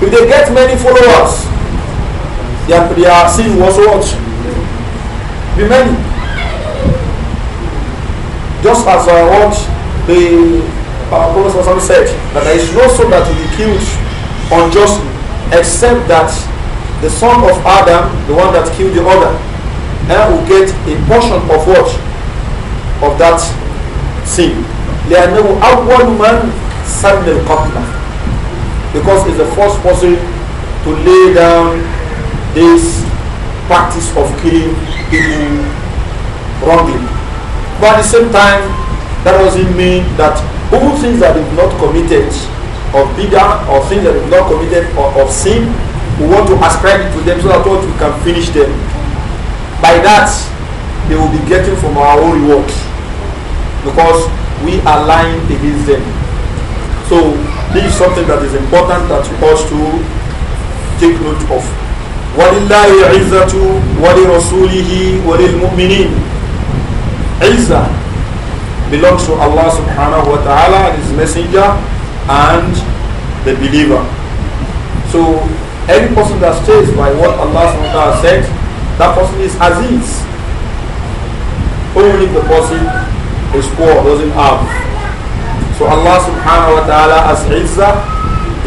If they get many followers, their, their sin was also what? Be many. Just as I uh, what the uh, Prophet said, that there is no soul that will be killed unjustly, except that the son of Adam, the one that killed the other, and eh, will get a portion of what? Of that sin. لأنه أول man. Sandil Kotla because it's the first person to lay down this practice of killing people wrongly. But at the same time, that doesn't mean that all things that they've not committed of bigger or things that they've not committed or, of sin, we want to ascribe it to them so that what we can finish them. By that, they will be getting from our own reward because we are lying against them. So this is something that is important that us to take note of. وَلِلَّهِ عِزَّةُ وَلِرَسُولِهِ وَلِلْمُؤْمِنِينَ Izzah belongs to Allah subhanahu wa ta'ala and His Messenger and the believer. So any person that stays by what Allah subhanahu wa ta'ala said, that person is aziz. Only if the person is poor, doesn't have so Allah subhanahu wa ta'ala has Izzah,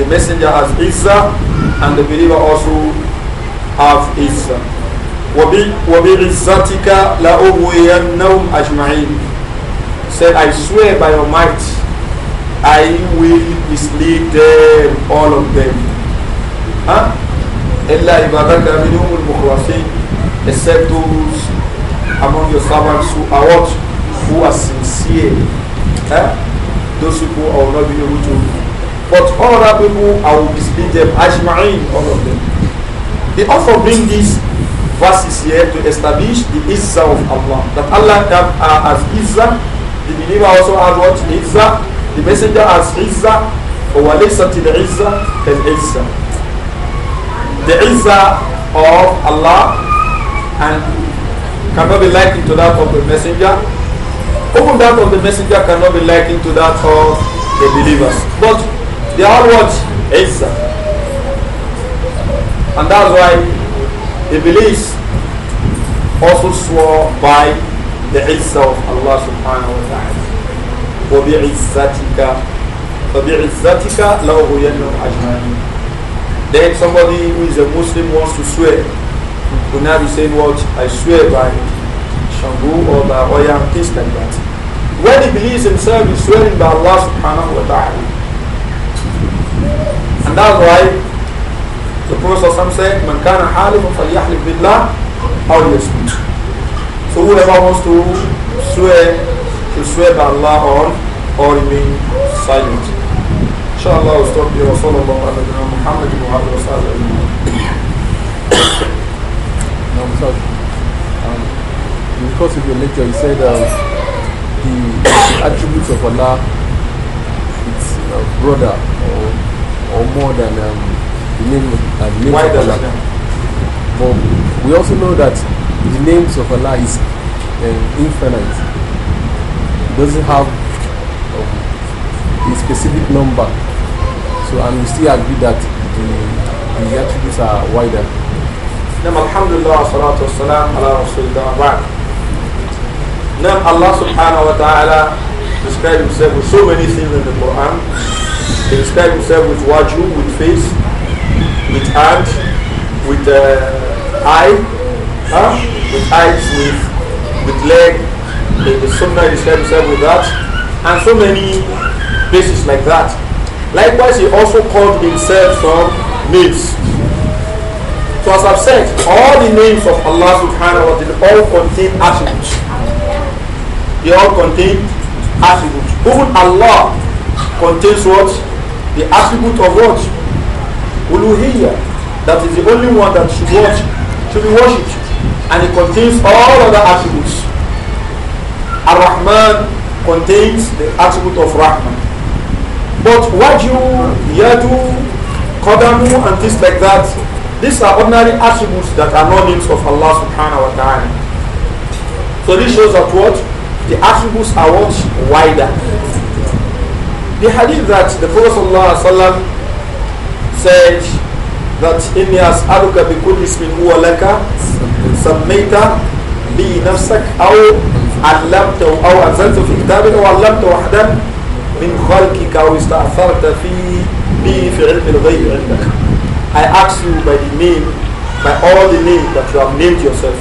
the messenger has Izzah, and the believer also have Izzah. وَبِعِزَّتِكَ لَأُغْوِيَنَّهُمْ أَجْمَعِينَ Said, I swear by your might, I will mislead them, all of them. Huh? إِلَّا إِبَادَكَ مِنْهُمُ الْمُخْلَصِينَ Except those among your servants who are what? Who are sincere. Huh? those people I will not be able to. But all other people, I will discipline them, ajma'in, all of them. They also bring these verses here to establish the Izzah of Allah. That Allah uh, has Izzah, the believer also has what? Izzah, the messenger has Izzah, وَلَيْسَتِ الْعِزَّةِ كَالْعِزَّةِ The Izzah of Allah and cannot be likened to that of the messenger even that of the messenger cannot be likened to that of the believers. But they all what? Isa. And that's why believers also swore by the Isa of Allah subhanahu wa ta'ala. وَبِعِزَّتِكَ وَبِعِزَّتِكَ لَأُغْوِيَنَّهُمْ أَجْمَعِينَ Then somebody who is a Muslim wants to swear. Will now say saying what? I swear by Shangu or by Oya, things like that. When he believes himself, he's swearing by Allah subhanahu wa ta'ala. And that's why the Prophet said, Man kana halifun falyahlif billah aw yasmut. So whoever wants to swear, to swear by Allah or, or remain silent. Inshaallah, we'll stop here. Sallallahu alayhi wa sallam. Muhammad wa sallam. No, sorry in the course of your lecture, you said uh, the, attributes of Allah it's uh, broader or, or more than um, the name, uh, the name of Allah. But we also know that the names of Allah is uh, infinite. It doesn't have um, a specific number. So, and we still agree that the, the attributes are wider. نعم الحمد لله والصلاة والسلام على now Allah subhanahu wa ta'ala describes himself with so many things in the Quran. He describes himself with wajhu, with face, with hand, with uh, eye, huh? with eyes, with, with leg. In the Sunnah he describes himself with that. And so many places like that. Likewise, he also called himself from names. So as I've said, all the names of Allah subhanahu wa ta'ala all contain attributes. They all contain attributes. Even Allah contains what? The attribute of what? Uluhiyya. That is the only one that should watch, should be worshipped. And it contains all other attributes. Ar-Rahman contains the attribute of Rahman. But Waju, Yadu, Qadamu and things like that, these are ordinary attributes that are not names of Allah subhanahu wa ta'ala. So this shows that what? the attributes are much wider. The hadith that the Prophet said that إِنِّي أَسْأَلُكَ بِكُلِّ اسْمٍ هُوَ لَكَ bi بِهِ aw أَوْ aw أَوْ أَنزَلْتَهُ فِي كِتَابٍ أَوْ عَلَّمْتَهُ أَحْدًا مِنْ خَلْقِكَ أَوْ اسْتَأْثَرْتَ فِي بِهِ فِي عِلْمِ الْغَيْبِ عِندَكَ I ask you by the name, by all the names that you have named yourself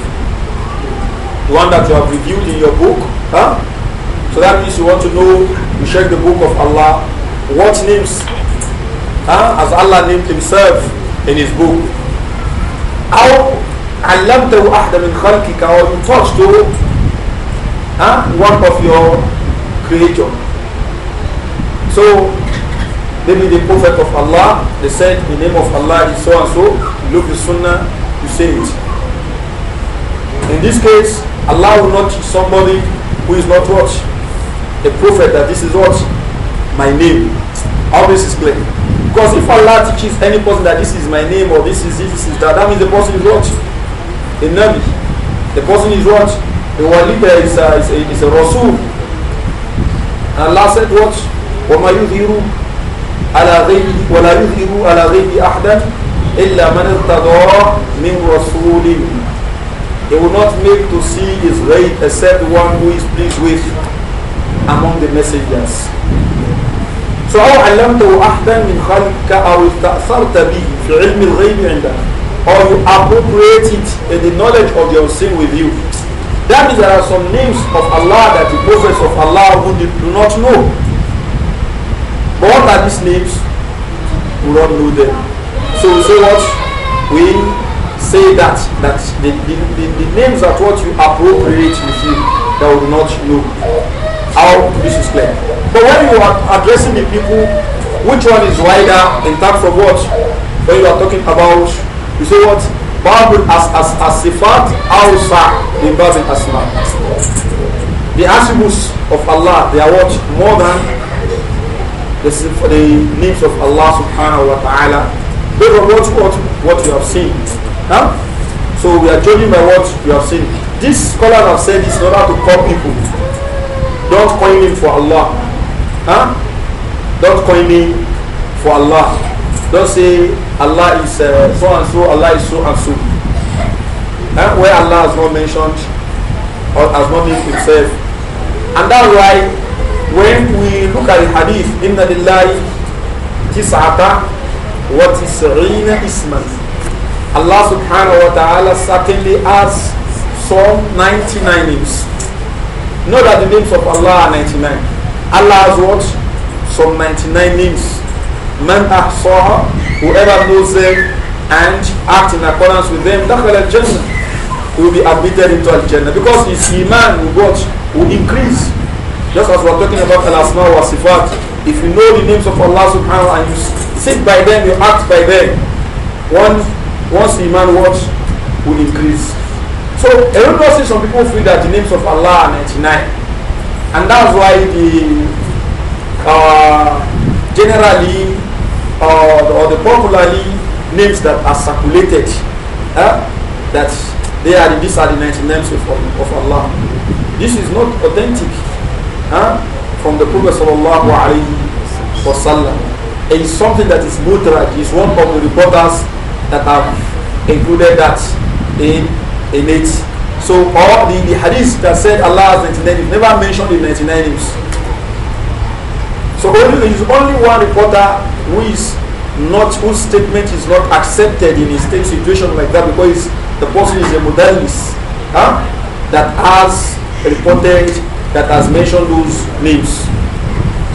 the one that you have reviewed in your book. Huh? So that means you want to know, you check the book of Allah. What names huh, Allah named himself in his book? How علمته أحد من خلقك or you touched to huh, one of your creator. So maybe the prophet of Allah, they said the name of Allah is so and so, you look the sunnah, you say it. In this case, Allah will not teach somebody who is not what? A prophet that this is what? My name. All this is clear. Because if Allah teaches any person that this is my name or this is this, this is that, that means the person is what? A Nabi. The person is what? The wali there uh, is a, is a, is a Rasul. Allah said what? وَمَا يُظْهِرُ عَلَى غَيْرِهِ وَلَا يُظْهِرُ عَلَى غَيْرِ أَحْدًا إِلَّا مَنِ ارْتَضَى مِنْ رَسُولٍ he will not make to see his right except one who is pleased with among the messengers. So how I أو علمته أحدا من خلقك أو استأثرت به في علم الغيب عندك or you appropriate it in the knowledge of your sin with you. That means there are some names of Allah that the prophets of Allah who do not know. But what are these names? We don't know them. So we say what? We say that that the, the, the, the names that what you appropriate with you they will not know how this is clear. But when you are addressing the people, which one is wider in terms of what? When you are talking about, you say what? Babul as as as sifat awsa in Babul asma. The attributes of Allah, they are what more than the, the names of Allah subhanahu wa ta'ala. Based on what, what, what you have seen. Huh? So we are judging by what we have seen. This scholars have said this in order to call people. Don't coin me for Allah. Huh? Don't coin me for Allah. Don't say Allah is uh, so and so, Allah is so and so. Huh? Where Allah has not mentioned or has not named himself. And that's why when we look at the hadith, Inna lillahi tis'ata wa tis'ina isman. Allah subhanahu wa ta'ala certainly has some 99 names. Know that the names of Allah are 99. Allah has what? Some 99 names. Man ahsaha, whoever knows them and act in accordance with them, That al-jannah. Will be admitted into al-jannah because his iman will what? Will increase. Just as we're talking about al-asma wa sifat. If you know the names of Allah subhanahu wa ta'ala and you sit by them, you act by them, one once iman works will increase. So everybody see some people feel that the names of Allah are 99. And that's why the uh, generally uh, or the popularly names that are circulated uh, that they are these are the 99 names of, of Allah. This is not authentic uh, from the Prophet sallallahu alaihi wasallam. It is something that is mudraj. It's one of the reporters that have included that in, in it. So all the, the hadith that said Allah has 99 is never mentioned in 99 names. So only, there is only one reporter who is not whose statement is not accepted in a state situation like that because the person is a modellist, huh? that has reported that has mentioned those names.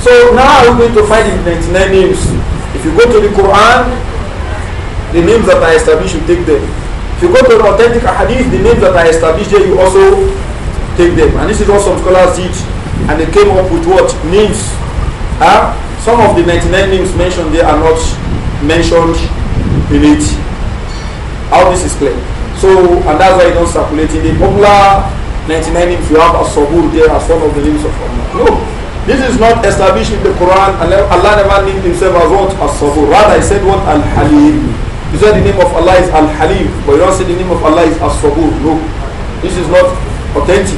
So now we're going to find the 99 names. If you go to the Quran, the names that are established, you take them. If you go to an authentic hadith, the names that are established there, you also take them. And this is what some scholars did. And they came up with what? Names. Huh? Some of the 99 names mentioned there are not mentioned in it. All this is clear. So, and that's why you don't circulate in the popular 99 names. You have a sabur there as one of the names of Allah. No. This is not established in the Quran. Allah never named himself as what? As sabur. Rather, he said what? Al-Halim. You say the name of Allah is Al-Halim, but you don't say the name of Allah is As-Sabur. No, this is not authentic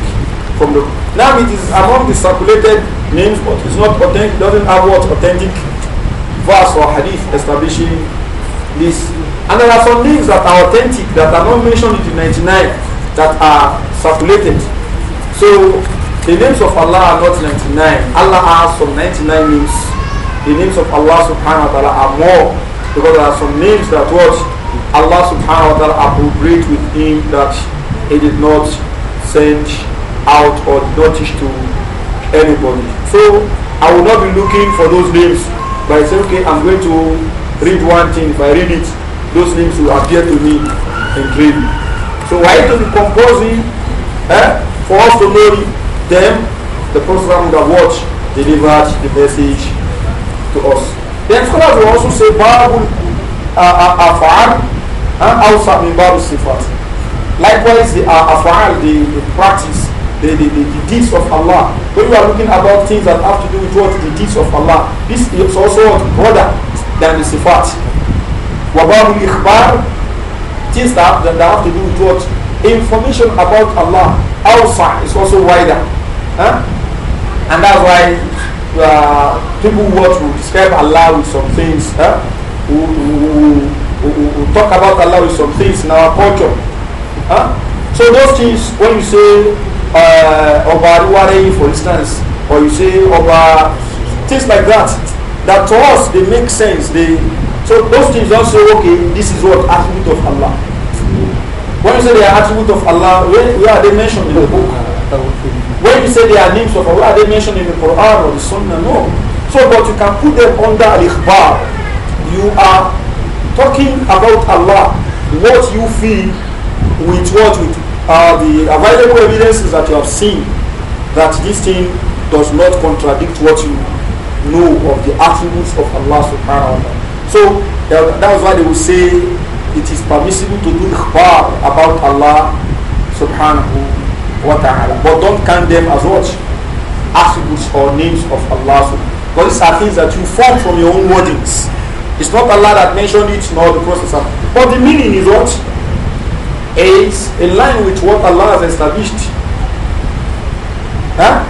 from the... Now it is among the circulated names, but it's not authentic, doesn't have what authentic verse or hadith establishing this. And there are some names that are authentic, that are not mentioned in the 99, that are circulated. So the names of Allah are not 99. Allah has some 99 names. The names of Allah subhanahu wa ta'ala are more because there are some names that what Allah subhanahu wa ta'ala appropriate with him that he did not send out or notice to anybody. So I will not be looking for those names by saying, okay, I'm going to read one thing. If I read it, those names will appear to me in dream. So why to be composing eh, for us to know them? The person would have watched, delivered the message to us. Then scholars will also say Babul uh, uh, Afa'al and also min Babul Sifat. Likewise, the uh, Afa'al, the, the practice, the, the, the, the, deeds of Allah. When you are looking about things that have to do with what the deeds of Allah, this is also broader than the Sifat. Wababul Ikhbar, things that, that have to do with what? Information about Allah. Outside is also wider. Huh? And that's why uh, people who want to describe Allah with some things, huh? who, who, who, who, talk about Allah with some things in our culture. Huh? So those things, when you say uh, Oba Ruwarei, for instance, or you say Oba, things like that, that to us, they make sense. They So those things don't say, okay, this is what attribute of Allah. When you say they are attribute of Allah, where, where are they mentioned in the book? When you say they are names of Allah, are they mentioned in the Quran or the Sunnah? No. So, but you can put them under al-ikhbar. You are talking about Allah, what you feel with what with uh, the available evidences that you have seen that this thing does not contradict what you know of the attributes of Allah subhanahu wa So uh, that's why they will say it is permissible to do ikhbar about Allah subhanahu ta'ala. But don't count them as what? Attributes or names of Allah. Because these are things that you form from your own wordings. It's not Allah that mentioned it, nor the Prophet. But the meaning is what? It's in line with what Allah has established. Huh?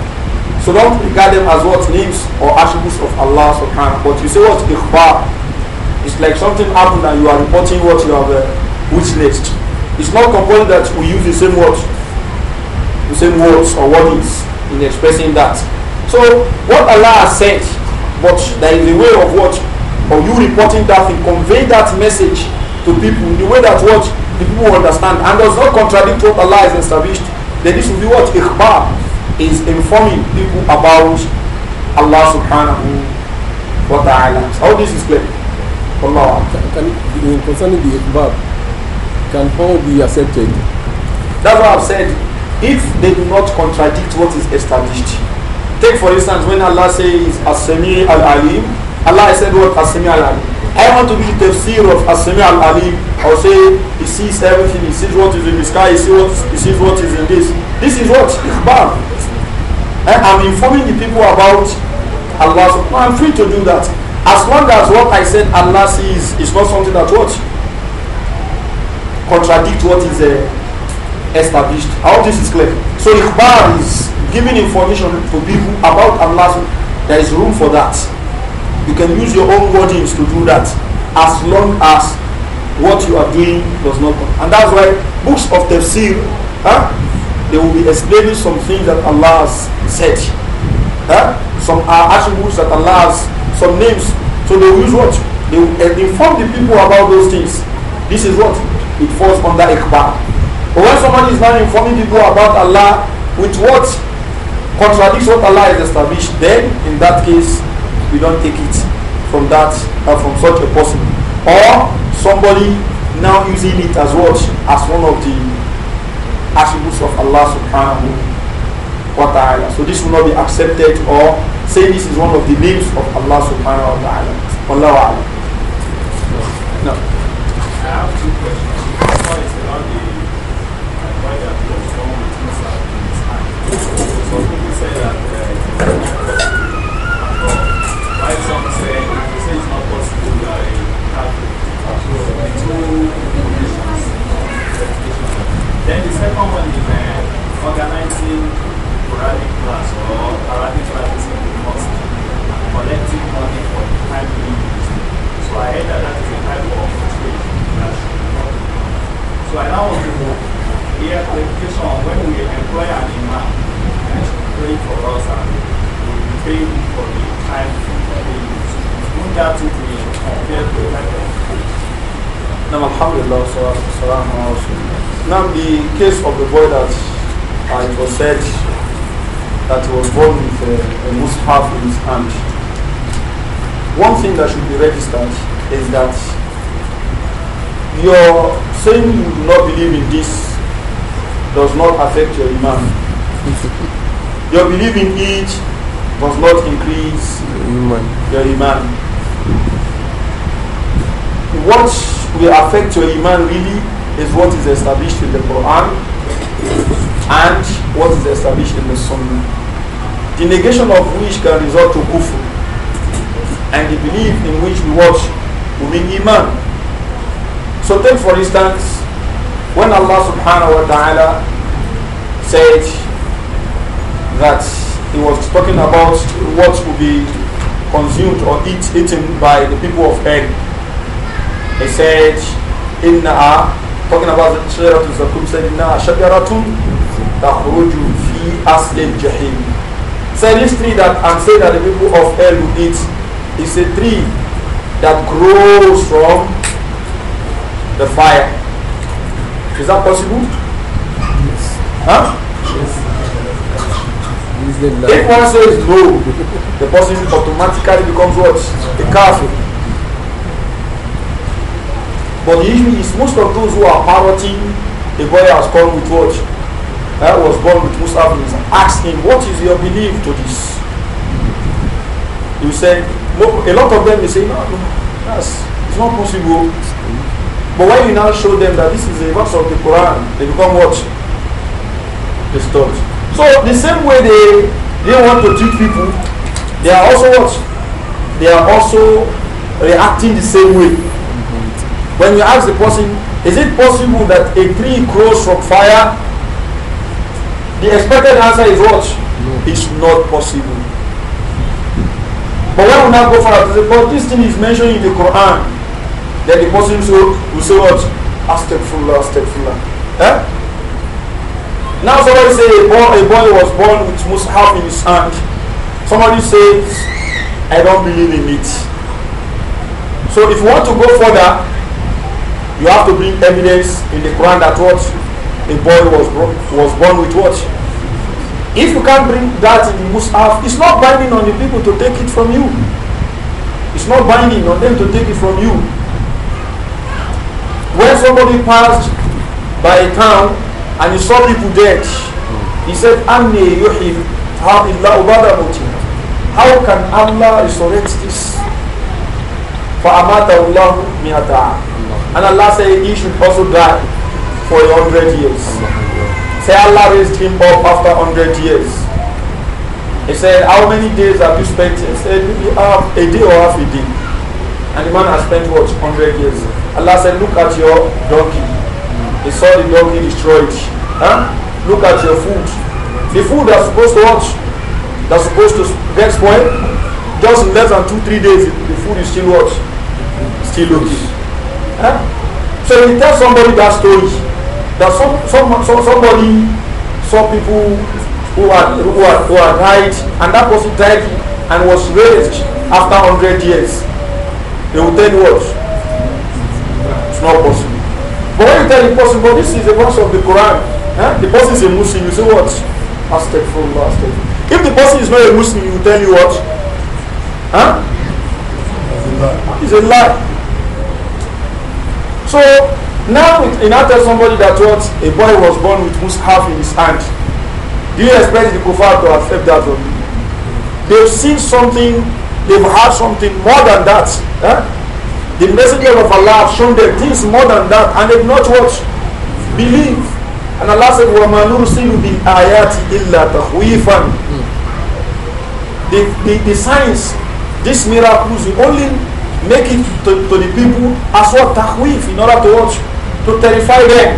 So don't regard them as what names or attributes of Allah subhanahu But you say what ikhbar. It's like something happened and you are reporting what you have uh, witnessed. It's not compulsory that we use the same words the same words or wordings in expressing that. So what Allah has said, but there is a way of what of you reporting that and convey that message to people in the way that what the people understand and does not contradict what Allah has established, then this will be what ikhbar is informing people about Allah subhanahu wa ta'ala. How this is clear. Allah. Can, can, concerning the ikhbar, can all be accepted? That's what I've said. if they do not contradict what is established. Take for instance when Allah says Asami al Alim, Allah said what Asami al Alim. I want to be the seer of Asami al Alim. I'll say he sees everything, he sees what is in the sky, he sees what, he sees what is in this. This is what eh, I'm informing the people about Allah. So I'm free to do that. As long as what I said Allah sees is not something that what contradict what is there. Eh, established. All this is clear. So iqbal is giving information to people about Allah. There is room for that. You can use your own wordings to do that as long as what you are doing does not come. And that's why books of tafsir, huh, they will be explaining some things that Allah has said. Huh? Some are attributes that Allah has, some names. So they will use what? They will inform the people about those things. This is what? It falls under iqbal. But when somebody is now informing people about Allah with what contradicts what Allah has established, then in that case we don't take it from that uh, from such a person. Or somebody now using it as what as one of the attributes of Allah subhanahu wa ta'ala. So this will not be accepted or say this is one of the names of Allah subhanahu wa ta'ala. Allah wa No. Uh, members or Arabic tribes in the mosque collecting money for the time used. So I heard that that is a type of trade that should not be So I now want to hear clarification on when we employ an imam and pray for us and we pay for the time that they use. Would that be compared to a type of Now, alhamdulillah, salam, salam, Now, the case of the boy that uh, it was said that he was born with uh, a, a mushaf in his hand. One thing that should be registered is that your saying you do not believe in this does not affect your iman. your belief in it does not increase iman. your iman. What will affect your iman really is what is established in the Quran and what is established in the Sunnah the negation of which can result to kufr and the belief in which we watch will be iman so take for instance when allah subhanahu wa ta'ala said that he was talking about what will be consumed or eat, eaten by the people of Hell. he said inna talking about the shajaratun the said inna shajaratun takhruju fi asli jahim So this tree that I'm saying that the people of El will eat is a tree that grows from the fire. Is that possible? Yes. Huh? Yes. If one says no, the person automatically becomes what? A castle. But usually it's most of those who are parroting the boy has come with what? I was born with Muslims. and asked him, what is your belief to this? He said, a lot of them, they say, no, no, that's, it's not possible. But when you now show them that this is a verse of the Quran, they become what? Disturbed. So the same way they didn't want to treat people, they are also what? They are also reacting the same way. When you ask the person, is it possible that a tree grows from fire the expected answer is what? No. It's not possible. But when we now go for that, but this thing is mentioned in the Quran, then the Muslims will, will say what? Astagfirullah, astagfirullah. Eh? Now somebody say a boy, a boy was born with mushaf in his hand. Somebody says, I don't believe in it. So if you want to go further, you have to bring evidence in the Quran that what? a boy was, was born with what? If you can't bring that in the Mus'af, it's not binding on the people to take it from you. It's not binding on them to take it from you. When somebody passed by a town and he saw people dead, he said, Amni yuhi How can Allah resurrect this? فَأَمَاتَهُ اللَّهُ مِئَةَ And Allah said, he should also die for 100 years. Say Allah raised him up after 100 years. He said, how many days have you spent? He said, maybe have a day or half a day. And the man has spent what? 100 years. Allah said, look at your donkey. He saw the donkey destroyed. Huh? Look at your food. The food that's supposed to watch, that's supposed to get spoiled, just in less than two, three days, the food is still what? Still okay. Huh? So he you tell somebody that story, that some, some, some somebody, saw people who had, who, had, who had died, and that person died and was raised after hundred years, they will tell you what? It's not possible. But when you tell the person, well, this is the verse of the Quran, eh? the person is a Muslim, you say what? Astagfirullah, astagfirullah. If the person is not a Muslim, he will tell you what? Huh? It's a lie. So Now, he now tell somebody that what a boy was born with half in his hand. Do you expect the Kufar to accept that from you? They've seen something, they've had something more than that. Eh? The messenger of Allah has shown them things more than that, and they've not what? Believe. And Allah said, see نُرْسِلُ بِالْآيَاتِ illa تَخْوِيفًا the, the, the signs, these miracles, will only make it to, to the people as what well, in order to watch to terrify them.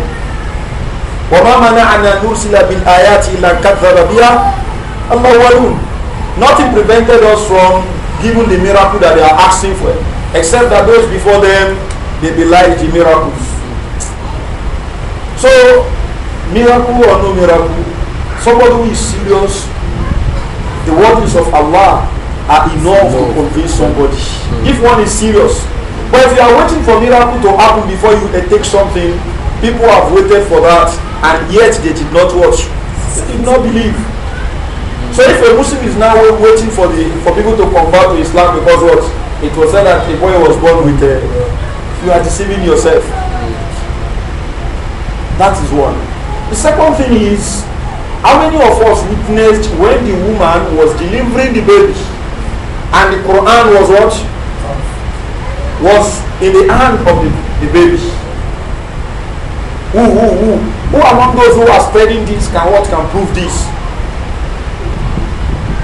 وَمَا مَنَعَنَا نُرْسِلَ بِالْآيَاتِ إِلَّا كَذَّبَ بِهَا الْأَوَّلُونَ Nothing prevented us from giving the miracle that they are asking for, except that those before them, they belied the miracles. So, miracle or no miracle, somebody who is serious, the words of Allah are enough to convince somebody. If one is serious, But if you are waiting for miracle to happen before you take something, people have waited for that and yet they did not watch. They did not believe. So if a Muslim is now waiting for the for people to convert to Islam because what? It was said that a boy was born with a you are deceiving yourself. That is one. The second thing is how many of us witnessed when the woman was delivering the baby and the Quran was what? was in the hand of the, the baby. Who, who, who? Who among those who are spreading this can what can prove this?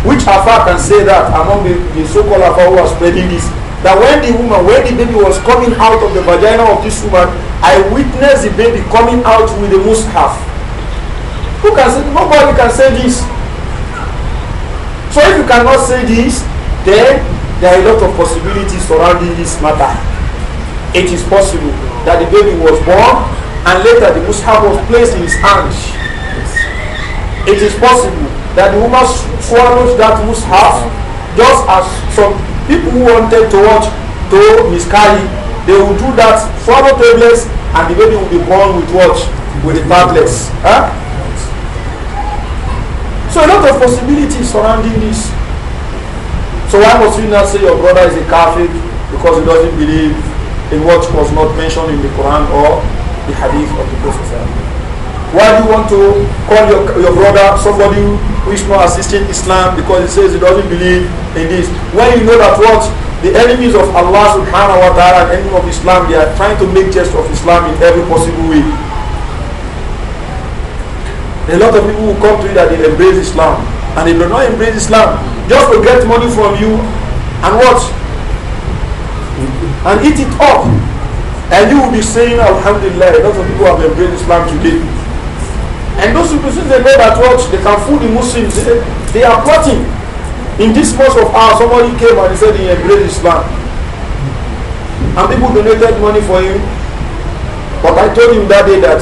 Which Afa can say that among the, the so-called Afa who are spreading this? That when the woman, when the baby was coming out of the vagina of this woman, I witnessed the baby coming out with a mushaf. Who can say, nobody can say this. So if you cannot say this, then there are a lot of possibilities surrounding this matter. It is possible that the baby was born and later the mushaf was placed in his hand. It is possible that the woman swallowed that mushaf just as some people who wanted to watch to miscarry, they would do that, swallow tablets and the baby would be born with watch With the tablets. Huh? So a lot of possibilities surrounding this. So why must you not say your brother is a Catholic because he doesn't believe in what was not mentioned in the Quran or the Hadith of the Prophet? Why do you want to call your, your brother somebody who is not assisting Islam because he says he doesn't believe in this? When you know that what the enemies of Allah subhanahu wa ta'ala and enemy of Islam, they are trying to make jest of Islam in every possible way. A lot of people who come to you that they embrace Islam and they do not embrace Islam. just to get money from you and what? And eat it up. And you will be saying, Alhamdulillah, lots of people have embraced Islam today. And those people since they know that watch, they can fool the Muslims, they, they are plotting. In this mosque of ours, somebody came and he said he embraced Islam. And people donated money for him. But I told him that day that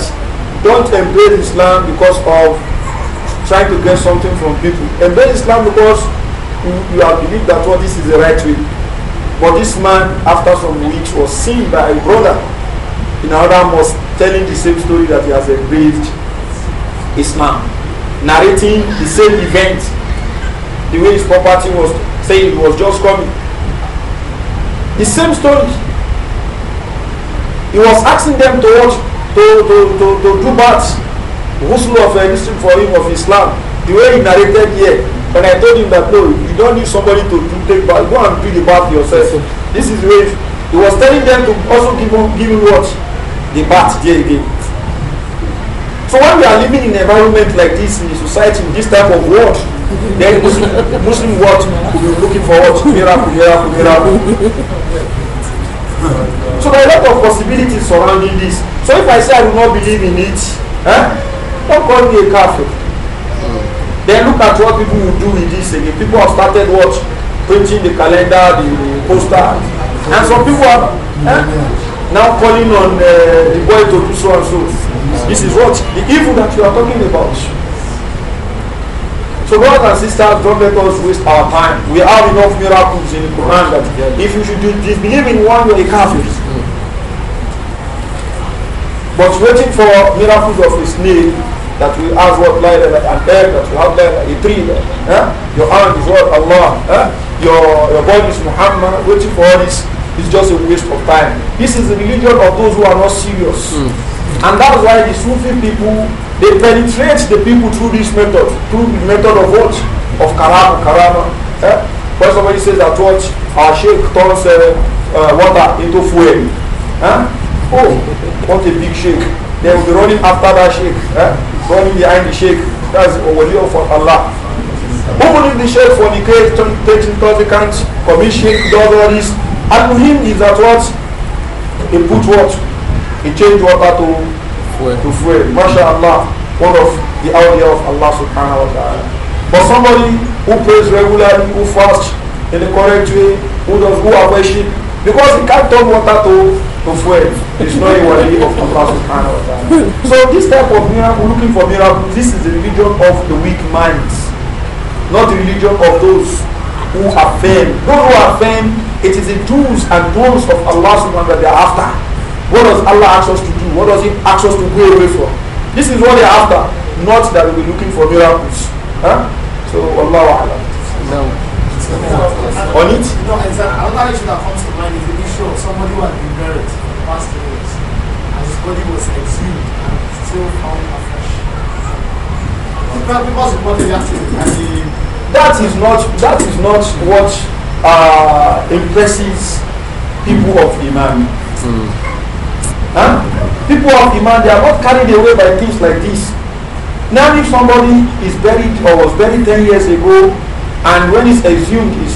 don't embrace Islam because of trying to get something from people. Embrace Islam because you, you have believed that what oh, this is the right way. But this man, after some weeks, was seen by a brother in another mosque telling the same story that he has embraced Islam, narrating the same event, the way his property was saying he was just coming. The same story. He was asking them to watch, to, to, to, to do of uh, for him of Islam, the way he narrated here. And I told him that no, you don't need somebody to to take bath. Go and do the bath yourself. So this is where he was telling them to also give him, give him what? The bath there again. So when we are living in an environment like this in society, in this type of world, then Muslim, Muslim world will be looking for what? Miracle, miracle, miracle. So there are a lot of possibilities surrounding this. So if I say I do not believe in it, eh? don't call me a Catholic. Then look at what people will do with this again. People have started what? Printing the calendar, the, the poster. And some people are eh, now calling on uh, the boy to do so and so. This is what? The evil that you are talking about. So brothers and sisters, don't let us waste our time. We have enough miracles in the Quran that if you should disbelieve in one, you're a kafir. But waiting for miracles of a snake that we have what la ilaha and egg, that we have la ilaha, a eh? your hand is what Allah, eh? your, your body is Muhammad, waiting for all this is just a waste of time. This is the religion of those who are not serious. Mm. And that's why the Sufi people, they penetrate the people through this method, through the method of what? Of karama, karama. Eh? When somebody says that what, our sheikh turns uh, uh, water into fuel. Eh? Oh, what a big shake! They will be running after that sheikh. Eh? Going behind the sheikh. That's the wali of Allah. Even if the sheikh fornicates, takes intoxicants, commits shirk, does all this, and to him is that what? He put what? He changed water to fuel. To fuel. MashaAllah, one of the awliya of Allah subhanahu wa ta'ala. But somebody who prays regularly, who fasts in the correct way, who does, who avoids because he can't turn water to of is not a of Allah subhanahu wa ta'ala. So this type of miracle, looking for miracle, this is the religion of the weak minds, not the religion of those who affirm. Those who affirm, it is the tools and don'ts of Allah subhanahu wa ta'ala they are after. What does Allah ask us to do? What does He ask us to go away from? This is what they are after, not that we're looking for miracles. Huh? So Allah Alam. No. On it? No, exactly. Another issue that comes to mind is the issue of somebody who has been buried past years, and his body was exhumed and still found afresh. that is not that is not what uh, impresses people of Iman. Mm. Huh? People of Iman they are not carried away by things like this. Now if somebody is buried or was buried ten years ago and when it's exhumed is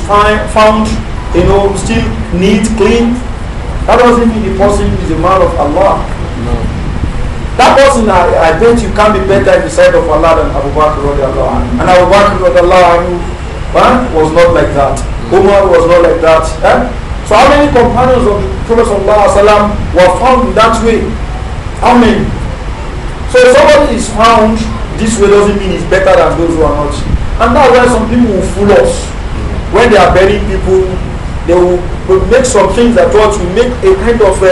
found you know still neat, clean, that doesn't mean the person is a man of Allah. No. That person, I, I bet you can not be better in the sight of Allah than Abu Bakr radiallahu And Abu Bakr radiallahu was not like that. Umar was not like that. Eh? So how many companions of the Prophet sallam, were found in that way? How many? So if somebody is found this way doesn't mean it's better than those who are not. And that's why some people will fool us. When they are burying people, they will will make some things that what we make a kind of uh,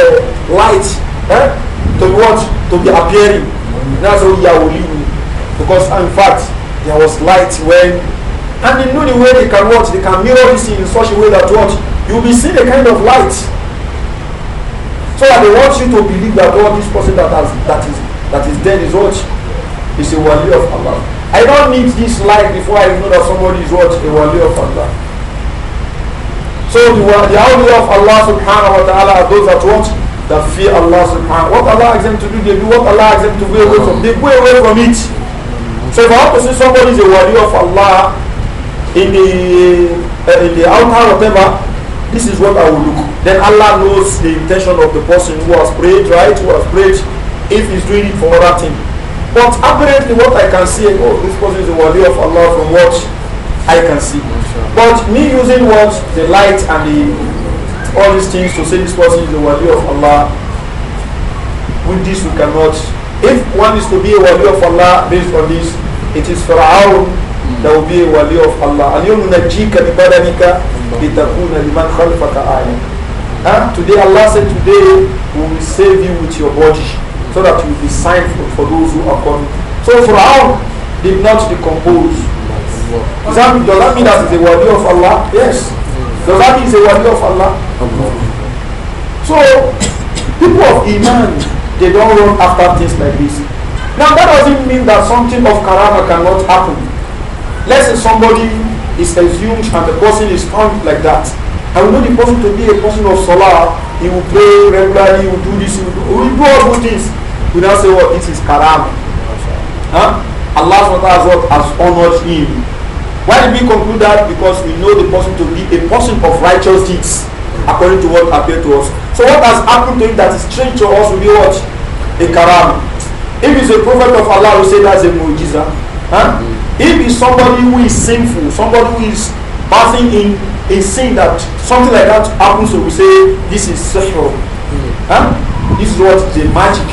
light eh? to be what to be appearing. That's how Yahweh because in fact there was light when and they know the way they can watch they can mirror this in such a way that what you'll be seeing a kind of light so I they want you to believe that all this person that has that is that is dead is what is a wali of Allah I don't need this light before I know that somebody is what a wali of Allah So the, the awliya of Allah subhanahu wa ta'ala are those that want the fear Allah subhanahu What Allah asks them to do, they do. What Allah asks them to go away from, they go away from it. So if I want to say somebody is a wali of Allah in the, uh, in the outer whatever, this is what I will look. Then Allah knows the intention of the person who has prayed, right? Who has prayed, if he's doing it for another thing. But apparently what I can see, oh, this person is a wali of Allah from what I can see. But me using what the light and the all these things to say this person is the wali of Allah, with this we cannot. If one is to be a wali of Allah based on this, it is Fir'aun that will be a wali of Allah. And نجيك Huh? Today Allah said today we will save you with your body so that you will be signed for, for those who are coming. So Fir'aun did not decompose does that, mean, does that mean that a wali of Allah? Yes. Does that mean he's a wali of Allah? So, people of Iman, they don't run after things like this. Now, that doesn't mean that something of karama cannot happen. Let's say somebody is assumed and the person is found like that. I will know the person to be a person of salah. He will pray regularly, he will do this, he will do, he will do all good things. We now say, well, this is karama. Huh? Allah SWT has honored him Why did we conclude that? Because we know the person to be a person of righteous deeds according to what appeared to us. So what has happened to him that is strange to us will be what? A karam. If he's a prophet of Allah, we say that's a mujiza. Huh? If he's somebody who is sinful, somebody who is passing in a sin that something like that happens, so we say this is sexual. Huh? This is what is a magic.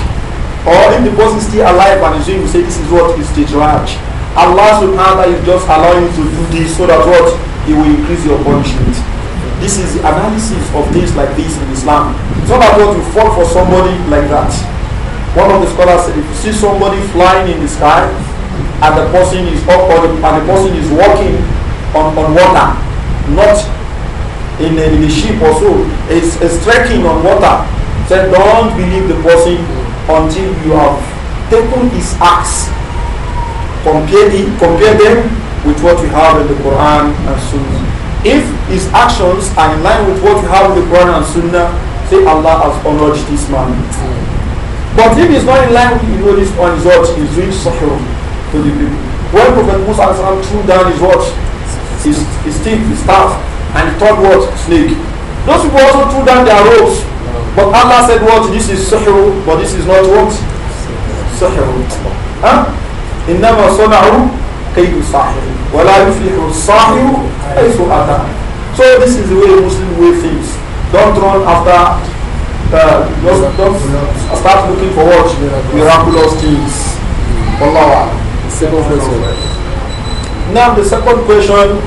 Or if the person is still alive and is doing, we say this is what is the drudge. Allah subhanahu wa ta'ala is just allowing you to do this so that what? He will increase your punishment. This is the analysis of things like this in Islam. It's not about you fall for somebody like that. One of the scholars said, if you see somebody flying in the sky and the person is up the, and the person is walking on, on water, not in a, in a ship or so, it's, it's trekking on water. Said, don't believe the person until you have taken his acts compare, compare them with what we have in the Quran and Sunnah. If his actions are in line with what we have in the Quran and Sunnah, say Allah has honored this man. But if he's not in line with you know this on his watch, he's doing suffering to the people. When Prophet Musa threw down his watch, his, his stick, his staff, and the third word, snake. Those people also threw down their robes. But Allah said what? This is suhr, but this is not what? Suhr. Huh? إنما صنعوا كيد ساحر ولا يفلح الساحر حيث أتى So this is the way Muslim way things. Don't run after uh, don't, don't start looking for what miraculous things. Allah. Second question. Now the second question,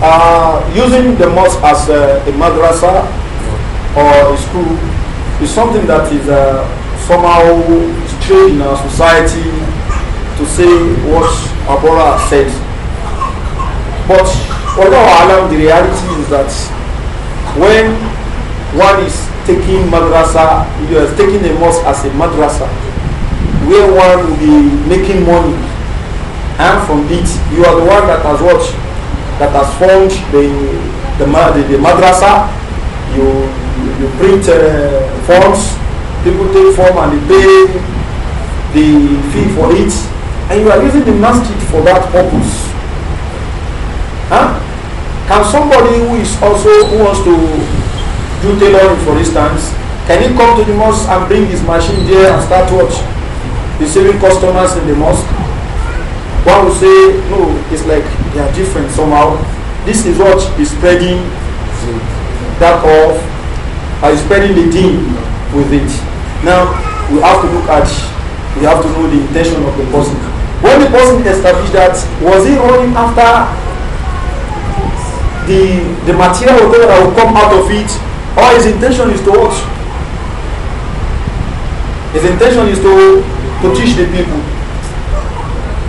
uh, using the mosque as uh, a madrasa or a school is something that is uh, somehow strange in our society to say what Abora said. But although alarm, the reality is that when one is taking madrasa, you are taking a mosque as a madrasa, where one will be making money, and from it, you are the one that has watched, that has formed the, the, the, the madrasa, you, you, you print uh, forms, people take form and they pay the fee for it, and you are using the masjid for that purpose. Huh? Can somebody who is also who wants to do tailoring, for instance, can he come to the mosque and bring his machine there and start watch receiving customers in the mosque? One will say, no, it's like they are different somehow. This is what is spreading that of uh, spreading the team with it. Now we have to look at we have to know the intention of the person. When the person established that, was he only after the, the material that will come out of it, or his intention is to what? His intention is to, to teach the people.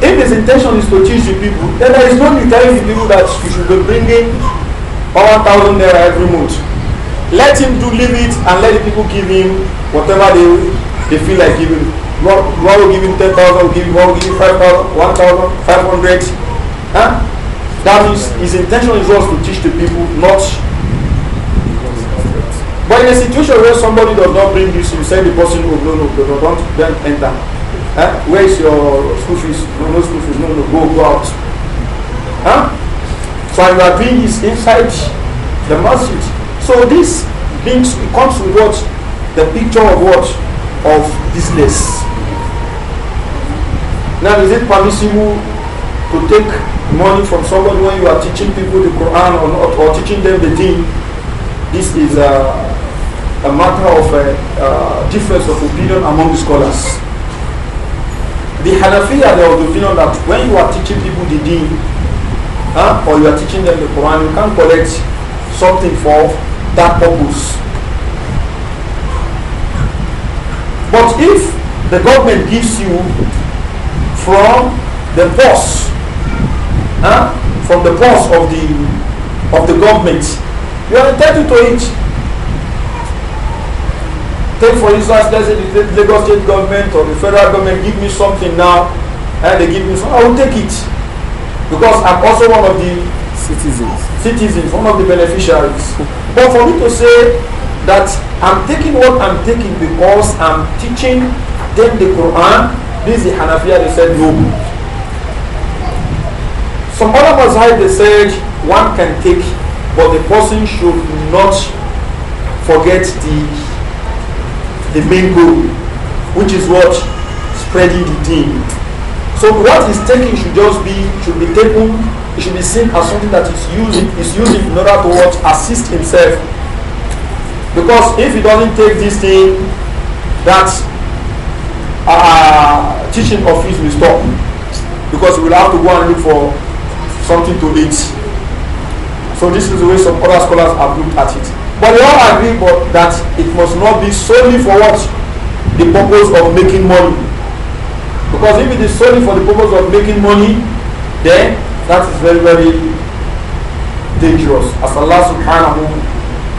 If his intention is to teach the people, then there is no need telling the people that you should be bringing 1,000 naira every month. Let him do leave it and let the people give him whatever they, they feel like giving. One, one will give him 10,000, one will give him 5,000, 1,500. Huh? That means his intention is just to teach the people, not. But in a situation where somebody does not bring this, you say the person, of oh, no, no, no, don't, don't enter. Huh? Where is your school fees? No, no school fees. No, no, go, go out. Huh? So you are doing this inside the masjid. So this brings, it comes with what? The picture of what? Of business. Now, is it permissible to take money from somebody when you are teaching people the Quran or, not, or teaching them the deen? This is a, uh, a matter of a, uh, a uh, difference of opinion among the scholars. The Hanafiya, they are the opinion that when you are teaching people the deen, huh, or you are teaching them the Quran, you can collect something for that purpose. But if the government gives you from the boss, huh? from the boss of the of the government. You are entitled to it. Take for instance, let's say the Lagos state government or the federal government give me something now, and they give me something, I will take it. Because I'm also one of the citizens, citizens, one of the beneficiaries. but for me to say that I'm taking what I'm taking because I'm teaching them the Quran this is Hanafiya, they said no. Some other Mazahib, they said one can take, but the person should not forget the, the main goal, which is what? Spreading the deen. So what is taking should just be, should be taken, it should be seen as something that is used, is used in order to what? Assist himself. Because if he doesn't take this thing, that uh, uh, teaching office will stop because we will have to go and look for something to eat. So this is the way some other scholars have looked at it. But we all agree but that it must not be solely for what? The purpose of making money. Because if it is solely for the purpose of making money, then that is very, very dangerous. As Allah subhanahu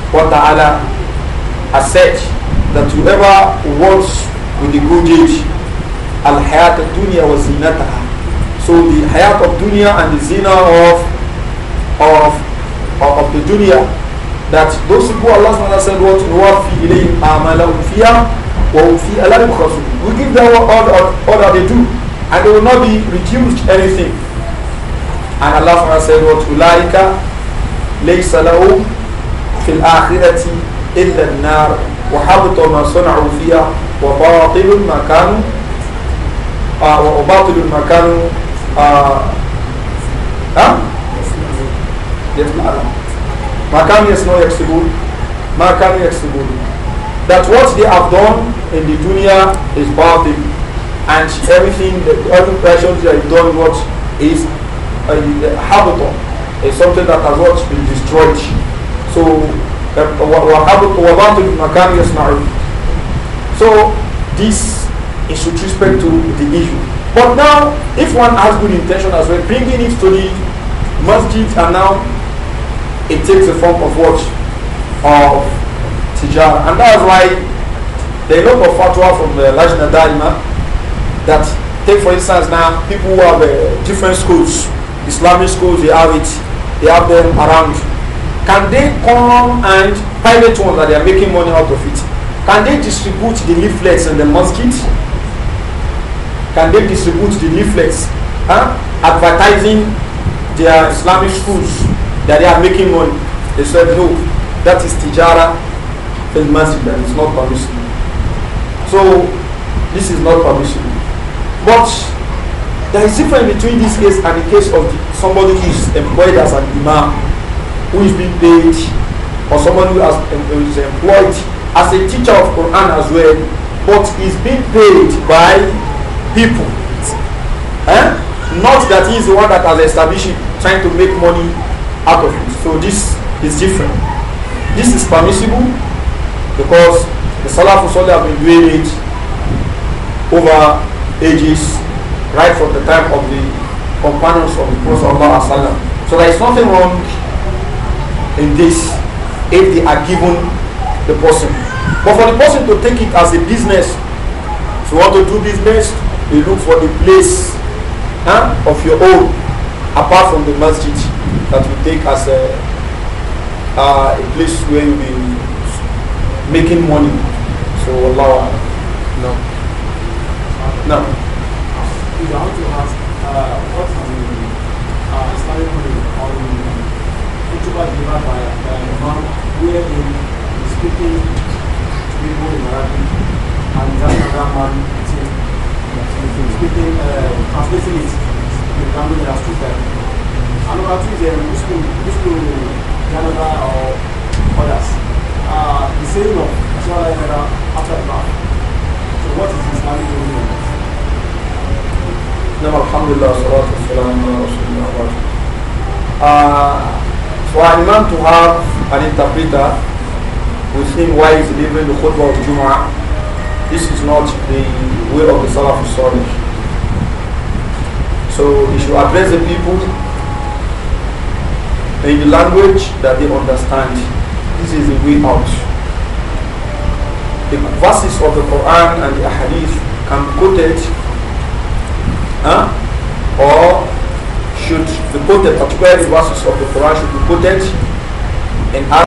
wa ta'ala has said that whoever wants with the good age, Al hayat al dunya wa zinataha. So the hayat of dunya and the zina of, of, of the dunya. That those who Allah said, what nuwafi ilayhim amalahum fiha wa hum fi alayhim khasun. We give them all, all, all that they do and they will not be reduced anything. And Allah said, what ulaika laysa lahum fil akhirati illa an-nar وحبط ما صنعوا فيها وباطل ما كانوا آه وباطل ما كانوا آه ها ما كانوا يكسبون ما كانوا يكسبون that what they have done in the dunya is batil and everything every action they have done what is a uh, habitat is something that has not been destroyed so so this is with respect to the issue. But now, if one has good intention as well, bringing it to the masjid and now it takes the form of what? Of tijara. And that's why the are lot of fatwa from the Lajna Daima that take for instance now people who have uh, different schools, Islamic schools, they have it, they have them around can they come and private ones that they are making money out of it? Can they distribute the leaflets and the mosques? Can they distribute the leaflets huh? advertising their Islamic schools that they are making money? They said no, that is tijara and masjid that is not permissible. So this is not permissible. But there is difference between this case and the case of the, somebody who is employed as an imam who is being paid or someone who has, who um, um, is employed as a teacher of Quran as well, but is being paid by people. Eh? Not that he is the one that has established it, trying to make money out of it. So this is different. This is permissible because the Salafus Salih have been doing it over ages, right from the time of the companions of the Prophet. Allah So there is nothing wrong in this if they are given the person. But for the person to take it as a business, if you want to do business, you look for the place huh, of your own, apart from the masjid that you take as a, uh, a place where you'll be making money. So Allah, no. No. If I want to ask, Khutbah given by, by an speaking people in Marathi and that other man speaking, uh, translating it in Tamil as to them. And is a Muslim, Muslim Canada or others. Uh, the same of Ashala after the bath. So what is Islamic religion? Alhamdulillah, salatu ala rasulullah wa barakatuh. For an imam to have an interpreter with him while he's leaving the khutbah of Jum'ah, this is not the way of the Salaf Salih. So he should address the people in the language that they understand. This is the way out. The verses of the Quran and the Hadith can be quoted huh? or should be quoted, particularly verses of the Quran should be quoted and